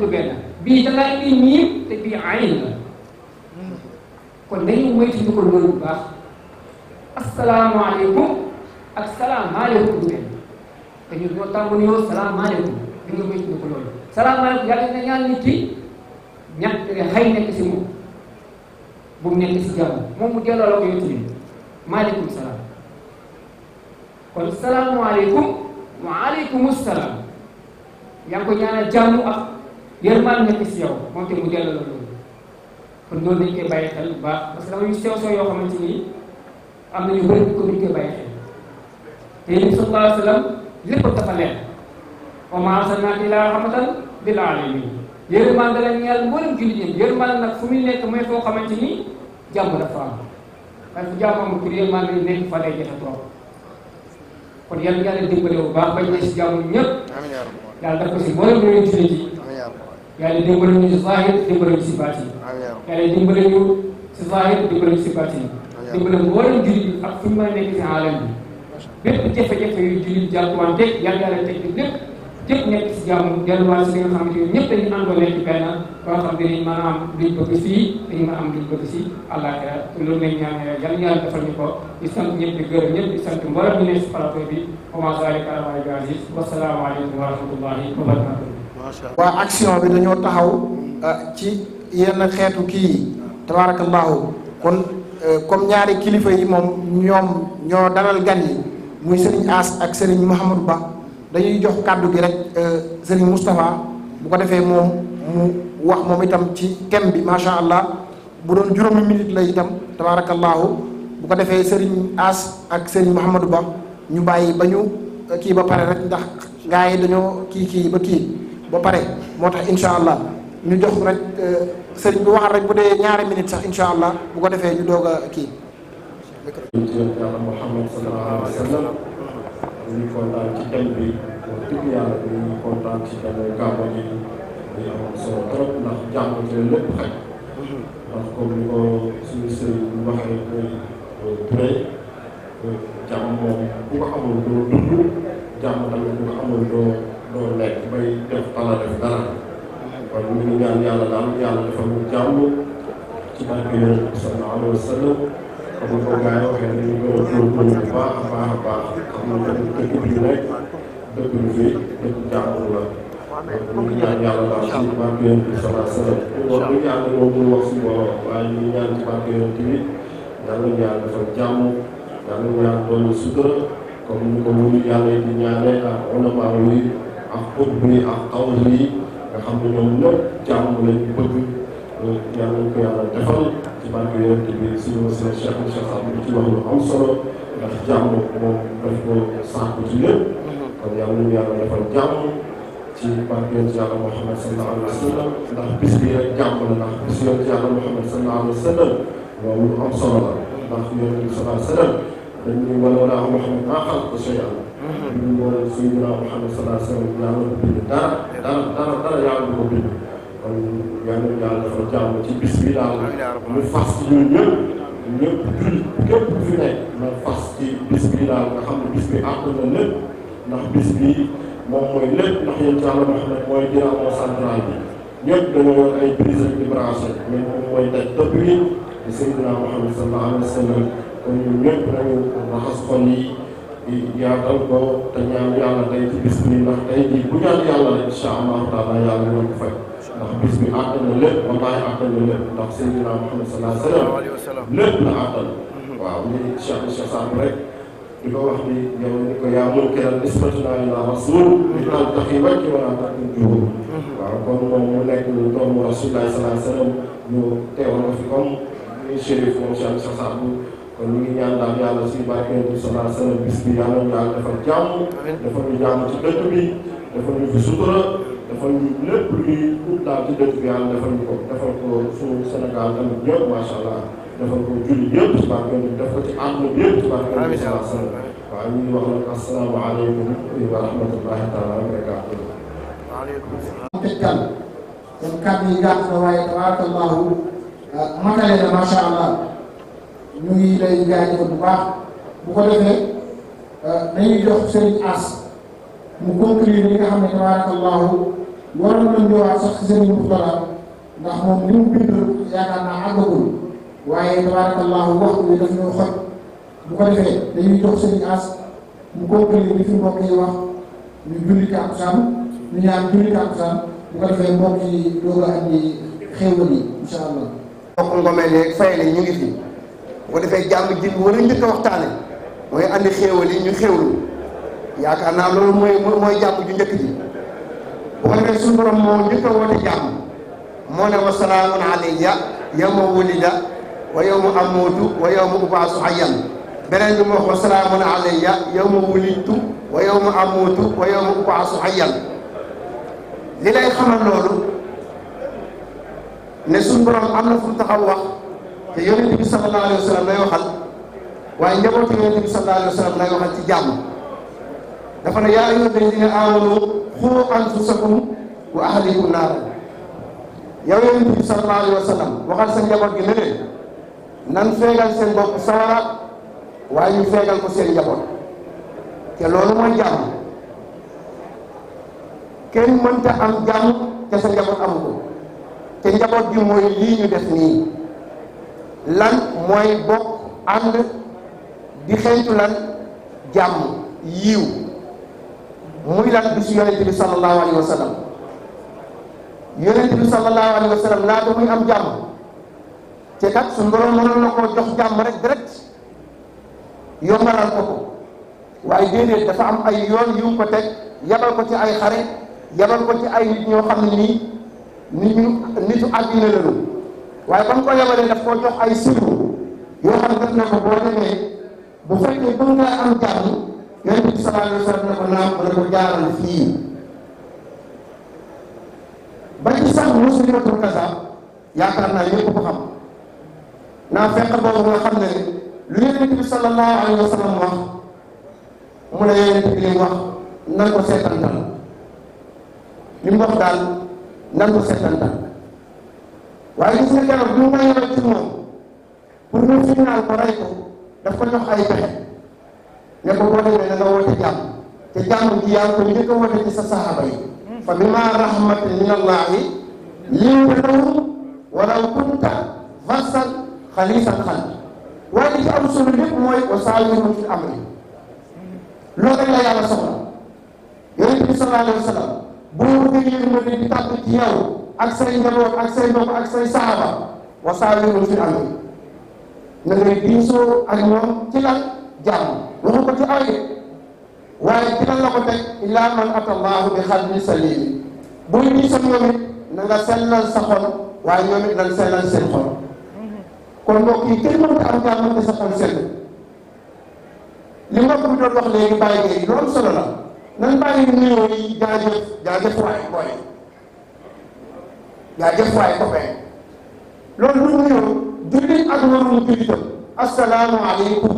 du benn. bii dafay bii miim te bii ayn la kon dañu moytu ñu ko loolu bu baax asalaamaaleykum ak salaamaaleykum du te ñun ñoo tàmm nuyoo salaamaaleykum dañu moytu ñu ko loolu salaamaaleykum yàlla na ñaan nit ki ñàkk xëy nekk si moom bu mu nekk si jàmm moom mu delloo la ko yónni maaleykum salaam kon salaamualeykum waaleykum salaam yaa ngi ko ñaanal jàmm ak. yërmaan nekk si yow moom te mu delloo la loolu kon loolu dañ koy bàyyi xel bu baax parce que dama yu sew sew yoo xamante ni am na ñu bëri ko duñ koy bàyyi xel te yéen sallallahu alayhi wa sallam lépp dafa leer wa maa arsalnaaka illaa rahmatan lil aalamiin yërmaan da la ñeel mboolem jullit ñi yërmaan nag fu muy nekk mooy foo xamante ni jàmm dafa am parce que jàmm amul pour yërmaan dañ nekk fa lay jafe trop kon yàlla yàlla dimbale bu baax bañ na si jàmm ñëpp yàlla def ko si mboolem ñu leen yàlla dimbali ñu si zahir dimbali ñu si baatin yàlla dimbali ñu si zahir dimbali ñu si baatin dimbali mboolem jullit ak fu ñu mën a nekk si aalam bi bépp jafe-jafe yu jullit jàppante yàlla yàlla teg ñu lépp ñëpp nekk si jàmm delluwaat si li nga xamante ne ñëpp dañu àndoo nekk benn ba nga xam ne dañu mën a am luñ bëgg si dañu mën a am luñ bëgg si àllaaxira loolu lañ ñaan yàlla yàlla defal ñu ko di sant ñëpp di gërëm ñëpp di sant mboolem ñu nekk si plateau bi wa maa zaalika alaa Allaahi bi aziiz wa salaamu aleykum wa rahmatullaahi wa barakaatuh waa action bi dañoo taxaw euh, ci yenn xeetu kii yi tabaarakallaahu kon euh, comme ñaari kilifa yi moom ñoom ñoo daral gan yi muy sëriñ As ak sëriñ Mouhamadou Ba dañuy jox kàddu gi rek euh, sëriñ Moustapha bu ko defee moom mu wax moom itam ci kenn bi macha allah bu doon juróomi minute la itam tabaarakallaahu bu ko defee sëriñ As ak sëriñ Mouhamadou Ba ñu bàyyi ba ñu kii ba pare rek ndax gaa dañoo kii kii ba kii. ba pare moo tax incha allah ñu jox rek euh, sëriñ bi waxal rek bu dee ñaari minute sax incha allah bu ko defee ñu doog a kii. yàlla Muhammad sallallahu trop ndax jàmm ci lépp xaj ndax comme ni ko suñu sëriñ bi waxee euh, euh, mooy bu ko amul doo dund jàmm tamit bu ko amul doo doon nekk bay def bala def dara kon ñu ngi ñaan yàlla daal yàlla dafa mu jàmm ci barke yonent bi sallallahu alayhi wa comme ko gars yi waxee dañu gën a góorgóorlu bu baax a baax a baax xam nga tamit dëkk bi ñu nekk dëkk bi fii dëkk jàmm la ñu ngi ñaan yàlla daal ci barke yonent bi sallallahu alayhi wa sallam wax lu ñaan moom mu wax si borom ñaan ci barke yonent ni ko wóolu yàlla di ak xutbi ak xawli nga xam ne ñoom ñëpp jàmm lañ bëgg yàlla nañ ko yàlla defal ci barke yonent bi suñu seen cheikh na cheikh Abdou ci wax lu am solo ndax jàmm moom daf ko sàkku ci lépp mhm. kon yàlla nañu yàlla defal jàmm ci barke yonent yàlla Muhammad sallallahu alayhi wa sallam ndax bis bi rek jàmm la ndax bis yonent yàlla Muhammad sallallahu alayhi wa sallam loolu am solo la ndax yonent bi sallallahu alayhi wa sallam dañuy wala Muhammad maa xalaqtu shay'an. Mhm. ñu boole Sayyidina Muhammad sallallahu alayhi wa sallam yàlla ko bind dara dara dara dara yàlla du ko bind. kon yal na yàlla defal jàmm ci bis bi daal mu fas ci ñun ñëpp ñëpp jullit képp ku fi nekk na fas ci bis bi daal nga xam ne bis bi àq na lépp ndax bis bi moom mooy lépp ndax yéen yàlla Muhammad mooy dynamo central bi ñëpp dañoo yor ay prises ak di branché mais moom mooy daj dëpp yi Sayyidina Muhammad sallallahu alayhi wa sallam kon ñun ñëpp nañu raxas xol yi yaatal ko te ñaan yàlla tey ci bis bi ndax tey jii bu ñaan yàlla rek incha allahu taala yàlla ñoo ko fay ndax bis bi àttan na lépp wallaahi àttan na lépp ndax Seydina Muhammad sallallahu alayhi wa sallam lépp la àttan waaw ñu Cheikh Cheikh Samb rek di ko wax ni yow ni ko yaa mën keral nisbatuna ila rasul li tax tax yi wàcc wala tax ñu juur waaw kon moom mu nekk doomu rasulullah sallallahu alayhi wa sallam ñu teewal ko fi comme ñu chérif moom Cheikh Cheikh Samb kon ñu ngi ñaan daal yàlla suñu barkeel bi sallallahu alayhi wa sallam bis bi yàlla ñu yàlla defal jàmm defal ñu jàmm ci dëkk bi defal ñu fi sutura defal ñu lépp luy ut daal ci dëkk bi yàlla defal ñu ko defal ko suñu Sénégal tamit ñëpp macha allah defal ko julli yëpp ci barkeel bi def ko ci àdduna bi yëpp ci barkeel bi sallallahu alayhi wa sallam waaw ñu ngi wax nag asalaamaaleykum wa rahmatullahi taala wa barakatuh tëjkan kon kàddu yi gàtt na waaye tabaarakallahu matale na macha allah ñu ngi lay jaajëfal bu baax bu ko defee dañuy euh, jox Serigne As mu conclure li nga xam ne tabarakallahu waroon nañ ñëwaat sax ci Serigne Mourtala ndax moom li mu bind yaakaar naa àggagul waaye tabarakallahu wax bi daf ñoo xoj bu ko defee dañuy jox Serigne As mu conclure li fi mbokk wax ñu julli tàkkusaan ñu ñaan julli tàkkusaan bu ko defee mbokk yi doog a andi xéewal yi incha allah. mbokk Ngomé léegi fay la ñu ngi fi. bu ko defee jàmm ji war a njëkk a waxtaane mooy andi xéewal ñu xéewlu yaakaar naa loolu mooy mooy jàmm ju njëkk ji bu ko defee suñu borom moo njëkk a woote moo ne wa salaamun alayya yawma wulida wa yawma amuutu wa yawma ubaasu hayyan beneen bi moo ko salaamun alayya yawma wulidtu wa yawma amuutu wa yawma ubaasu hayyan li lay xamal ne suñu borom am na taxaw wax te yonent bi sallallahu alayhi wa sallam lay waxal waaye njabootu yonent bi sallallahu alayhi wa ci jàmm dafa ne yaa ayyuha alladina amanu xuu anfusakum wa ahlikum naar yow yonent bi sallallahu alayhi wa sa njaboot gi ne nan feegal seen bopp sawara waaye ñu feegal ko seen njaboot te loolu mooy jàmm kenn mënta am jàmm te sa njaboot amu ko te njaboot gi mooy lii ñu def nii lan mooy bokk ànd di xeeñtu lan jàmm yiw muy lan bisu bi sallallahu alayhi wa sallam yonent bi sallallahu alayhi wa sallam laata muy am jàmm te kat suñu borom mënoon na koo jox jàmm ko ko waaye déedéet dafa am ay yoon yu ko teg yabal ko ci ay xare yabal ko ci ay nit ñoo xam nii nit ñu nitu àddina lañu waaye ba mu ko yebalee daf koo jox ay siru yoo xam ne na ko boo demee bu fekkee bëgg nga am jàmm yonent bi sallallahu alayhi wa sallam ko naam ba yaakaar naa ñëpp ko xam naa xam ne lu yonent bi sallallahu alayhi wa wax mu ne yonent bi li wax nan ko seetantal li mu daal nan ko seetantal waaye gis nga garab bu ma yoroon ci moom pour ñu fitnaal ko rey ko daf ko jox ay pexe ne ko boo demee da nga woote jàmm te jàmm ji yaa ngi ko njëkk a woote ci sa saxaaba yi fa bima rahmatin min allahi linta lahum walaw kunta farsan xaliisal xalbi waaye li ci am solo lépp mooy wa saawirhum fil amri loolu rek la yàlla soxla yonent bi sallallahu alayhi wa sallam bu fi yërmande di tàgg ci yow ak say njaboot ak say mbokk ak say saaba wa saawiru fil amri na ngay diisoo ak ñoom ci lan jàmm waxu ko ci aw waaye ci la ko teg illaa man atallaahu bi xalbin saliim buy diisoo ñoom na nga sellal sa xol waaye ñoom it nañ sellal seen xol kon mbokk yi kenn mënta am jàmm sa xol sell li mbokk bi doon wax léegi bàyyi léegi loolu solo la. nañ bàyyi néew yi jaajëf jaajëf waay booy jaajëf waay copain loolu lu néew jullit ak warul jullitam asalaamu aleykum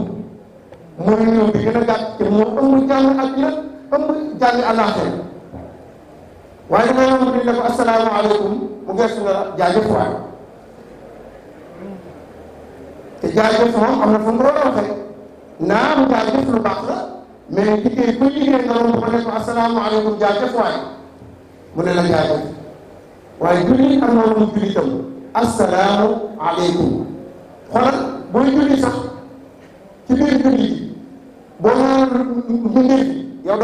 mooy néew bi gën a gàtt te moo ëmb jàng ak yëpp ëmb jàng àllaaxira waaye dangay wax ni ne ko asalaamu aleykum mu gëstu nga jaajëf waay te jaajëf moom am na fu mu doon waxee naam jaajëf lu baax la mais liggéey ku liggéey nga romb ba ne ko asalaamaaleykum jaajëf waay mu ne la jaajëf waaye julli am na mu julli tam asalaamaaleykum xoolal booy julli sax julli boo mu yem ci yow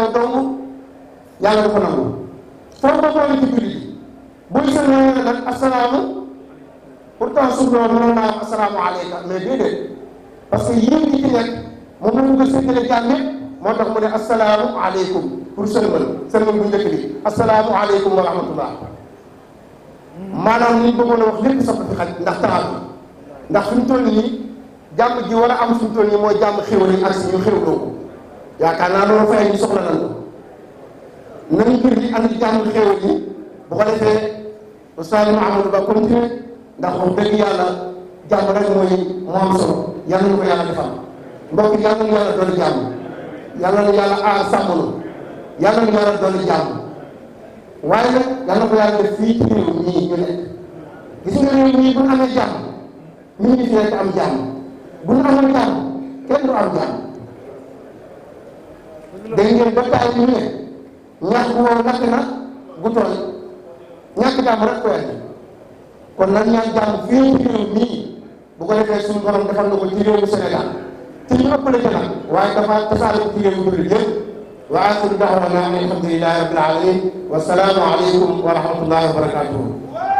dong du ko nangu fortement la ci jullit yi buñ sëlmalee nag asalaamu pourtant suuf loolu mënoon naa asalaamu aleyka mais déedéet parce que yéen ñi ci nekk moom la ñu ko séddale jàmm moo tax mu ne asalaamu aleykum pour sëlmal sëlmal bu njëkk bi asalaamu aleykum wa rahmatullah maanaam li ñu bëggoon a wax lépp sax fi xaj ndax taxal nii jàmm ji war a am suñu toll nii mooy jàmm xéwal yi ak suñu xéwloo yaakaar naa loolu fay ñu soxla nan ko nañ mbir yi andi jàmm xéewal yi bu ko defee Oustaz Mouhamadou Ba continué ndax moom dëgg yàlla jàmm rek mooy moom solo yàlla ñu ko yàlla defal mbokk yàlla ñu yàlla dolli jàmm yàlla ñu yàlla aar sàmm nu yàlla ñu yàlla dolli jàmm waaye nag yàlla ko yàlla def fii ci réew ñii ñu nekk gis nga réew ñii bu ñu amee jàmm ñu ngi fi nekk am jàmm bu ñu amee jàmm kenn du am jàmm dégg ngeen ba taay ñu ne ñax woowu natt na bu tooy ñàkk jàmm rek koy kon nag ñaan jàmm fii ci réew mii bu ko defee suñu borom defal na ko ci réewu Sénégal ci ñu ca nag waaye dafa tasaare ci réewu mbir yëpp wa axiru da'wana alhamdulillahi rabbil alamin wa salaamu aleykum wa rahmatullahi wa barakatuhu